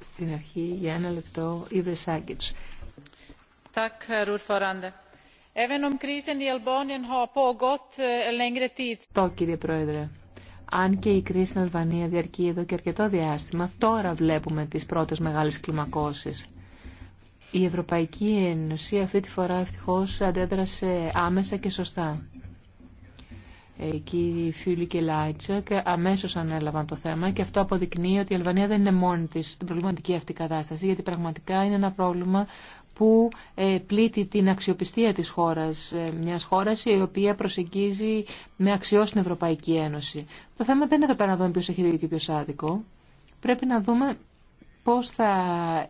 [SPEAKER 8] Στην αρχή, για ένα λεπτό, η Βρεσάκητς κύριε Πρόεδρε. Eh, Αν και η κρίση στην Αλβανία διαρκεί εδώ και αρκετό διάστημα, τώρα βλέπουμε τις πρώτες μεγάλες κλιμακώσεις. Η Ευρωπαϊκή Ένωση αυτή τη φορά ευτυχώς αντέδρασε άμεσα και σωστά κύριοι Φιούλη και Λάιτσεκ αμέσω ανέλαβαν το θέμα και αυτό αποδεικνύει ότι η Αλβανία δεν είναι μόνη τη στην προβληματική αυτή κατάσταση γιατί πραγματικά είναι ένα πρόβλημα που ε, πλήττει την αξιοπιστία της χώρας, ε, μιας χώρας η οποία προσεγγίζει με αξιό στην Ευρωπαϊκή Ένωση. Το θέμα δεν είναι εδώ πέρα να δούμε ποιος έχει δίκιο και ποιος άδικο. Πρέπει να δούμε πώς θα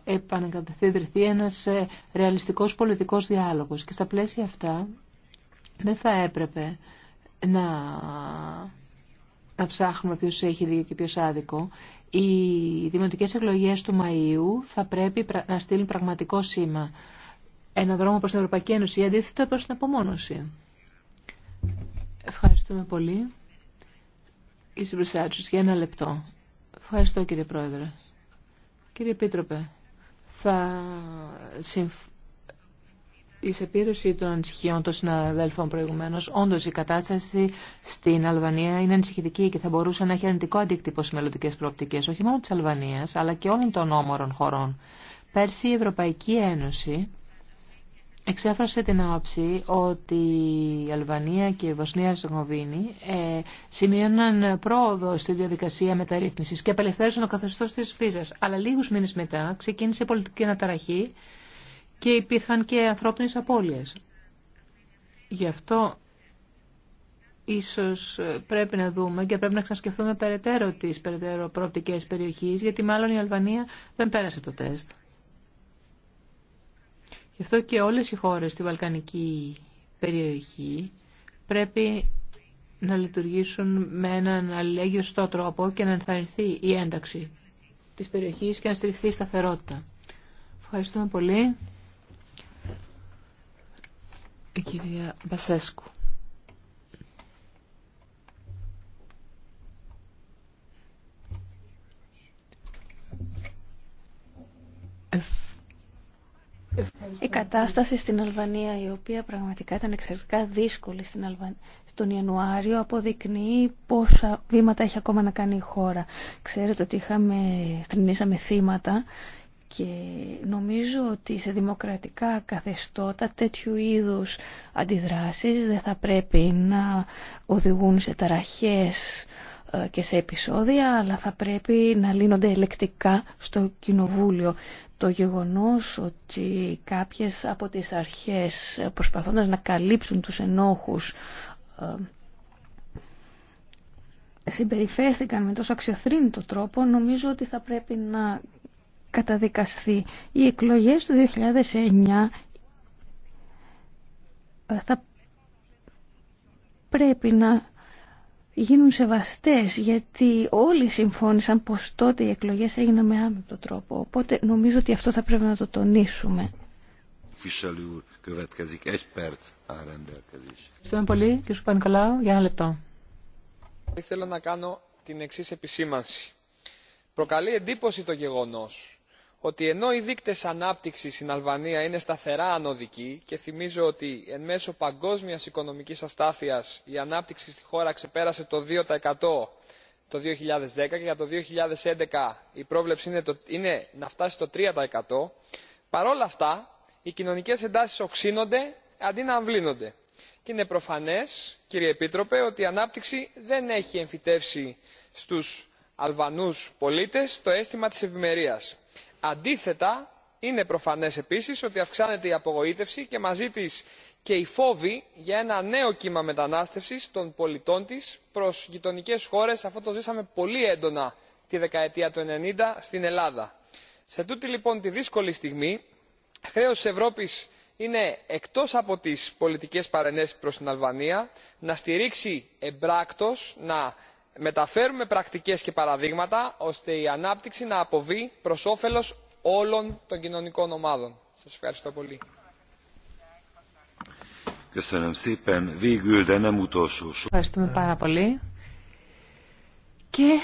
[SPEAKER 8] επανακαταθέδρυθεί ένας ε, ρεαλιστικός πολιτικός διάλογος και στα πλαίσια αυτά δεν θα έπρεπε να, να ψάχνουμε ποιος έχει δίκιο και ποιος άδικο. Οι δημοτικές εκλογές του Μαΐου θα πρέπει να στείλουν πραγματικό σήμα. Ένα δρόμο προς την Ευρωπαϊκή Ένωση ή αντίθετο προς την απομόνωση. Ευχαριστούμε πολύ. Είσαι για ένα λεπτό. Ευχαριστώ κύριε Πρόεδρε. Κύριε Επίτροπε, θα συμφωνήσω η σεπήρωση των ανησυχιών των συναδέλφων προηγουμένω, όντω η κατάσταση στην Αλβανία είναι ανησυχητική και θα μπορούσε να έχει αρνητικό αντίκτυπο στι μελλοντικέ προοπτικέ όχι μόνο τη Αλβανία αλλά και όλων των όμορων χωρών. Πέρσι η Ευρωπαϊκή Ένωση εξέφρασε την άποψη ότι η Αλβανία και η Βοσνία Ζεγοβίνη ε, σημείωναν πρόοδο στη διαδικασία μεταρρύθμισης και απελευθέρωσαν το καθεστώς της Βίζα. Αλλά λίγου μήνε μετά ξεκίνησε πολιτική αναταραχή και υπήρχαν και ανθρώπινες απώλειες. Γι' αυτό ίσως ε, πρέπει να δούμε και πρέπει να ξανασκεφτούμε περαιτέρω τις περαιτέρω προοπτικές περιοχές, γιατί μάλλον η Αλβανία δεν πέρασε το τεστ. Γι' αυτό και όλες οι χώρες στη Βαλκανική περιοχή πρέπει να λειτουργήσουν με έναν αλληλέγυωστό τρόπο και να ενθαρρυνθεί η ένταξη της περιοχής και να στηριχθεί η σταθερότητα. Ευχαριστούμε πολύ. Η κυρία
[SPEAKER 7] Η κατάσταση στην Αλβανία, η οποία πραγματικά ήταν εξαιρετικά δύσκολη στην τον Ιανουάριο αποδεικνύει πόσα βήματα έχει ακόμα να κάνει η χώρα. Ξέρετε ότι είχαμε, θρυνήσαμε θύματα και νομίζω ότι σε δημοκρατικά καθεστώτα τέτοιου είδους αντιδράσεις δεν θα πρέπει να οδηγούν σε ταραχές ε, και σε επεισόδια, αλλά θα πρέπει να λύνονται ελεκτικά στο Κοινοβούλιο. Το γεγονός ότι κάποιες από τις αρχές ε, προσπαθώντας να καλύψουν τους ενόχους ε, συμπεριφέρθηκαν με τόσο αξιοθρύνητο τρόπο, νομίζω ότι θα πρέπει να καταδικαστεί. Οι εκλογές του 2009 ε, θα πρέπει να γίνουν σεβαστές γιατί όλοι συμφώνησαν πως τότε οι εκλογές έγιναν με άμετο τρόπο. Οπότε νομίζω ότι αυτό θα πρέπει να το τονίσουμε.
[SPEAKER 8] Ευχαριστούμε πολύ κ. Πανικολάου για ένα λεπτό.
[SPEAKER 10] Ήθελα να κάνω την εξής επισήμανση. Προκαλεί εντύπωση το γεγονός ότι ενώ οι δείκτες ανάπτυξης στην αλβανία είναι σταθερά ανωδικοί και θυμίζω ότι εν μέσω παγκόσμιας οικονομικής αστάθειας η ανάπτυξη στη χώρα ξεπέρασε το 2% το 2010 και για το 2011 η πρόβλεψη είναι να φτάσει το 3% παρόλα αυτά οι κοινωνικές εντάσεις οξύνονται αντί να αμβλύνονται. Και είναι προφανές, κύριε Επίτροπε, ότι η ανάπτυξη δεν έχει εμφυτεύσει στους Αλβανούς πολίτες το αίσθημα της ευημερίας αντίθετα είναι προφανές επίσης ότι αυξάνεται η απογοήτευση και μαζί της και η φόβοι για ένα νέο κύμα μετανάστευσης των πολιτών της προς γειτονικές χώρες αφού το ζήσαμε πολύ έντονα τη δεκαετία του 90 στην ελλάδα. σε τούτη λοιπόν τη δύσκολη στιγμή χρέος της ευρώπης είναι εκτός από τις πολιτικές παρενέσεις προς την αλβανία να στηρίξει εμπράκτος, να μεταφέρουμε πρακτικές και παραδείγματα ώστε η ανάπτυξη να αποβεί προς όφελος όλων των κοινωνικών ομάδων. Σας ευχαριστώ πολύ.
[SPEAKER 1] Ευχαριστούμε
[SPEAKER 8] πάρα πολύ. Και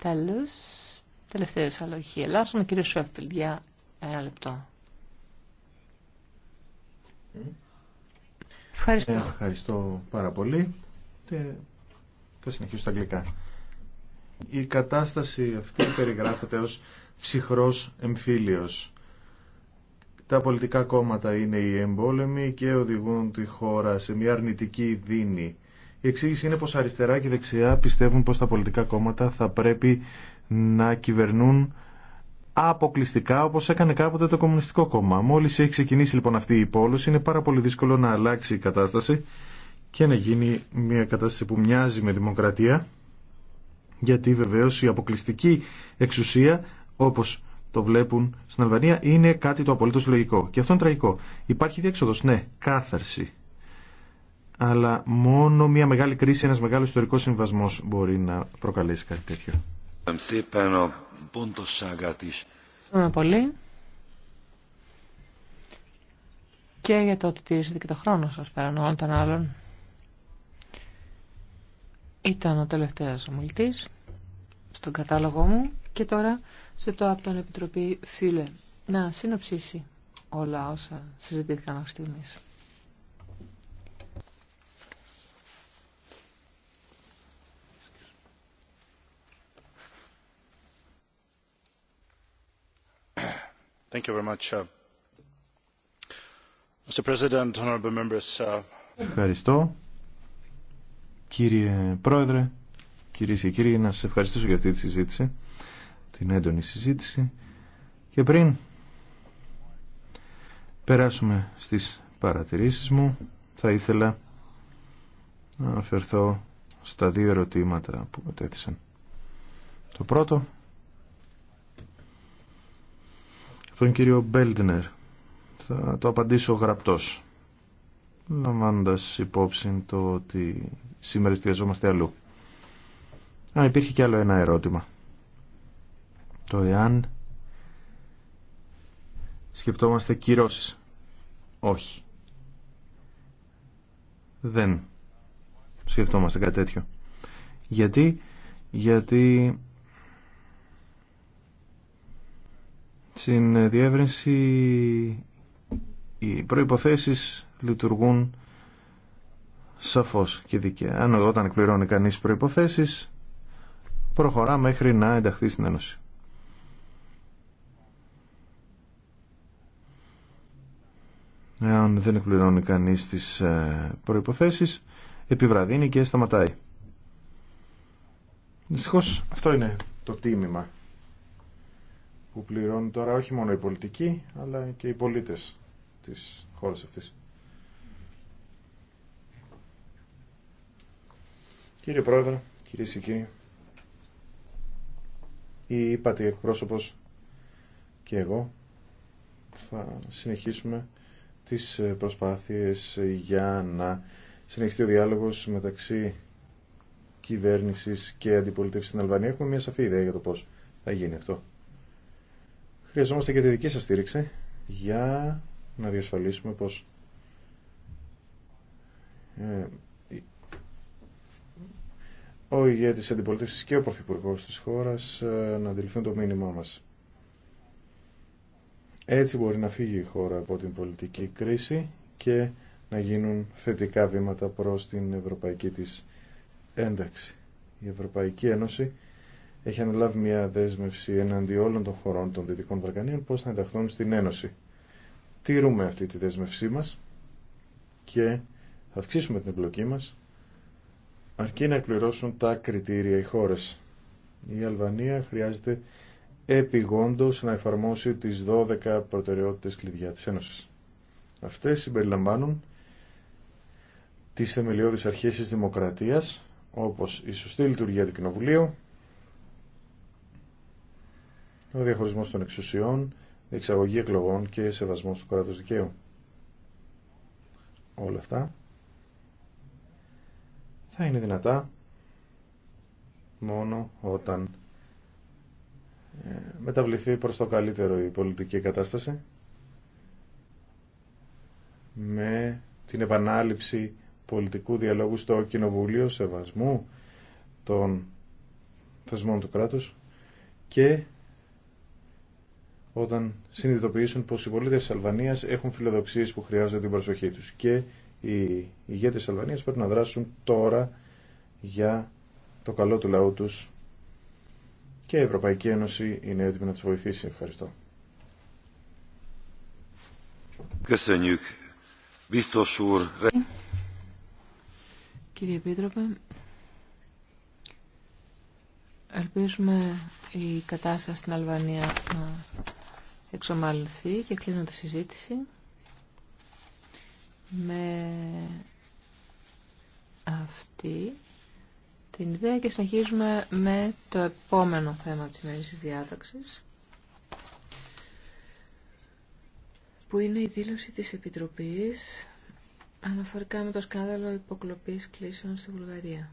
[SPEAKER 8] τέλος, τελευταίος αλλογή. Ελλάσσον ο κύριος Σουέφιλ για ένα λεπτό. Ευχαριστώ. Ε,
[SPEAKER 6] ευχαριστώ πάρα πολύ. Θα συνεχίσω στα αγγλικά. Η κατάσταση αυτή περιγράφεται ως ψυχρός εμφύλιος. Τα πολιτικά κόμματα είναι οι εμπόλεμοι και οδηγούν τη χώρα σε μια αρνητική δίνη. Η εξήγηση είναι πως αριστερά και δεξιά πιστεύουν πως τα πολιτικά κόμματα θα πρέπει να κυβερνούν αποκλειστικά όπως έκανε κάποτε το Κομμουνιστικό Κόμμα. Μόλις έχει ξεκινήσει λοιπόν αυτή η πόλωση είναι πάρα πολύ δύσκολο να αλλάξει η κατάσταση και να γίνει μια κατάσταση που μοιάζει με δημοκρατία γιατί βεβαίως η αποκλειστική εξουσία όπως το βλέπουν στην Αλβανία είναι κάτι το απολύτως λογικό και αυτό είναι τραγικό. Υπάρχει διέξοδος, ναι, κάθαρση αλλά μόνο μια μεγάλη κρίση, ένας μεγάλος ιστορικός συμβασμός μπορεί να προκαλέσει κάτι τέτοιο.
[SPEAKER 8] πολύ. Και για το ότι τηρήσατε και το χρόνο σας πέραν όλων των άλλων. Ήταν ο τελευταίος ομιλητής στον κατάλογο μου και τώρα ζητώ από τον Επιτροπή Φίλε να συνοψίσει όλα όσα συζητήθηκαν αυτή τη στιγμή. Thank you very much. Uh, Mr. President, honorable members. Uh,
[SPEAKER 6] Ευχαριστώ. Κύριε Πρόεδρε, κυρίε και κύριοι, να σας ευχαριστήσω για αυτή τη συζήτηση, την έντονη συζήτηση. Και πριν περάσουμε στις παρατηρήσεις μου, θα ήθελα να αναφερθώ στα δύο ερωτήματα που μετέθησαν. Το πρώτο, τον κύριο Μπέλντνερ, θα το απαντήσω γραπτός λαμβάνοντας υπόψη το ότι σήμερα εστιαζόμαστε αλλού. Α, υπήρχε κι άλλο ένα ερώτημα. Το εάν σκεφτόμαστε κυρώσεις. Όχι. Δεν σκεφτόμαστε κάτι τέτοιο. Γιατί, γιατί στην διεύρυνση οι προϋποθέσεις λειτουργούν σαφώς και δίκαια. Αν όταν εκπληρώνει κανείς προϋποθέσεις, προχωρά μέχρι να ενταχθεί στην Ένωση. Αν δεν εκπληρώνει κανείς τις ε, προϋποθέσεις, επιβραδύνει και σταματάει. Δυστυχώ, αυτό είναι το τίμημα που πληρώνουν τώρα όχι μόνο οι πολιτικοί, αλλά και οι πολίτες της χώρας αυτής. Κύριε Πρόεδρε, κυρίε και κύριοι, η είπατε εκπρόσωπος και εγώ θα συνεχίσουμε τις προσπάθειες για να συνεχιστεί ο διάλογος μεταξύ κυβέρνησης και αντιπολίτευσης στην Αλβανία. Έχουμε μια σαφή ιδέα για το πώς θα γίνει αυτό. Χρειαζόμαστε και τη δική σας στήριξη για να διασφαλίσουμε πως ε, ο ηγέτης αντιπολίτευσης και ο πρωθυπουργός της χώρας ε, να αντιληφθούν το μήνυμά μας. Έτσι μπορεί να φύγει η χώρα από την πολιτική κρίση και να γίνουν θετικά βήματα προς την ευρωπαϊκή της ένταξη. Η Ευρωπαϊκή Ένωση έχει αναλάβει μια δέσμευση εναντί όλων των χωρών των Δυτικών Βαρκανίων πώς να ενταχθούν στην Ένωση. Τηρούμε αυτή τη δέσμευσή μας και θα αυξήσουμε την εμπλοκή μας αρκεί να εκπληρώσουν τα κριτήρια οι χώρες. Η Αλβανία χρειάζεται επιγόντω να εφαρμόσει τις 12 προτεραιότητες κλειδιά της Ένωσης. Αυτές συμπεριλαμβάνουν τις θεμελιώδεις αρχές της δημοκρατίας, όπως η σωστή λειτουργία του Κοινοβουλίου, ο διαχωρισμός των εξουσιών, εξαγωγή εκλογών και σεβασμός του κράτους δικαίου. Όλα αυτά θα είναι δυνατά μόνο όταν ε, μεταβληθεί προς το καλύτερο η πολιτική κατάσταση με την επανάληψη πολιτικού διαλόγου στο Κοινοβουλίο Σεβασμού των θεσμών του κράτους και όταν συνειδητοποιήσουν πως οι πολίτες της Αλβανίας έχουν φιλοδοξίες που χρειάζονται την προσοχή τους και οι ηγέτες της Αλβανίας πρέπει να δράσουν τώρα για το καλό του λαού τους και η Ευρωπαϊκή Ένωση είναι έτοιμη να τους
[SPEAKER 1] βοηθήσει. Ευχαριστώ.
[SPEAKER 8] Κύριε Επίτροπε, ελπίζουμε η κατάσταση στην Αλβανία να εξομαλυνθεί και κλείνω τη συζήτηση με αυτή την ιδέα και συνεχίζουμε με το επόμενο θέμα της σημερινής διάταξης που είναι η δήλωση της Επιτροπής αναφορικά με το σκάνδαλο υποκλοπής κλήσεων στη Βουλγαρία.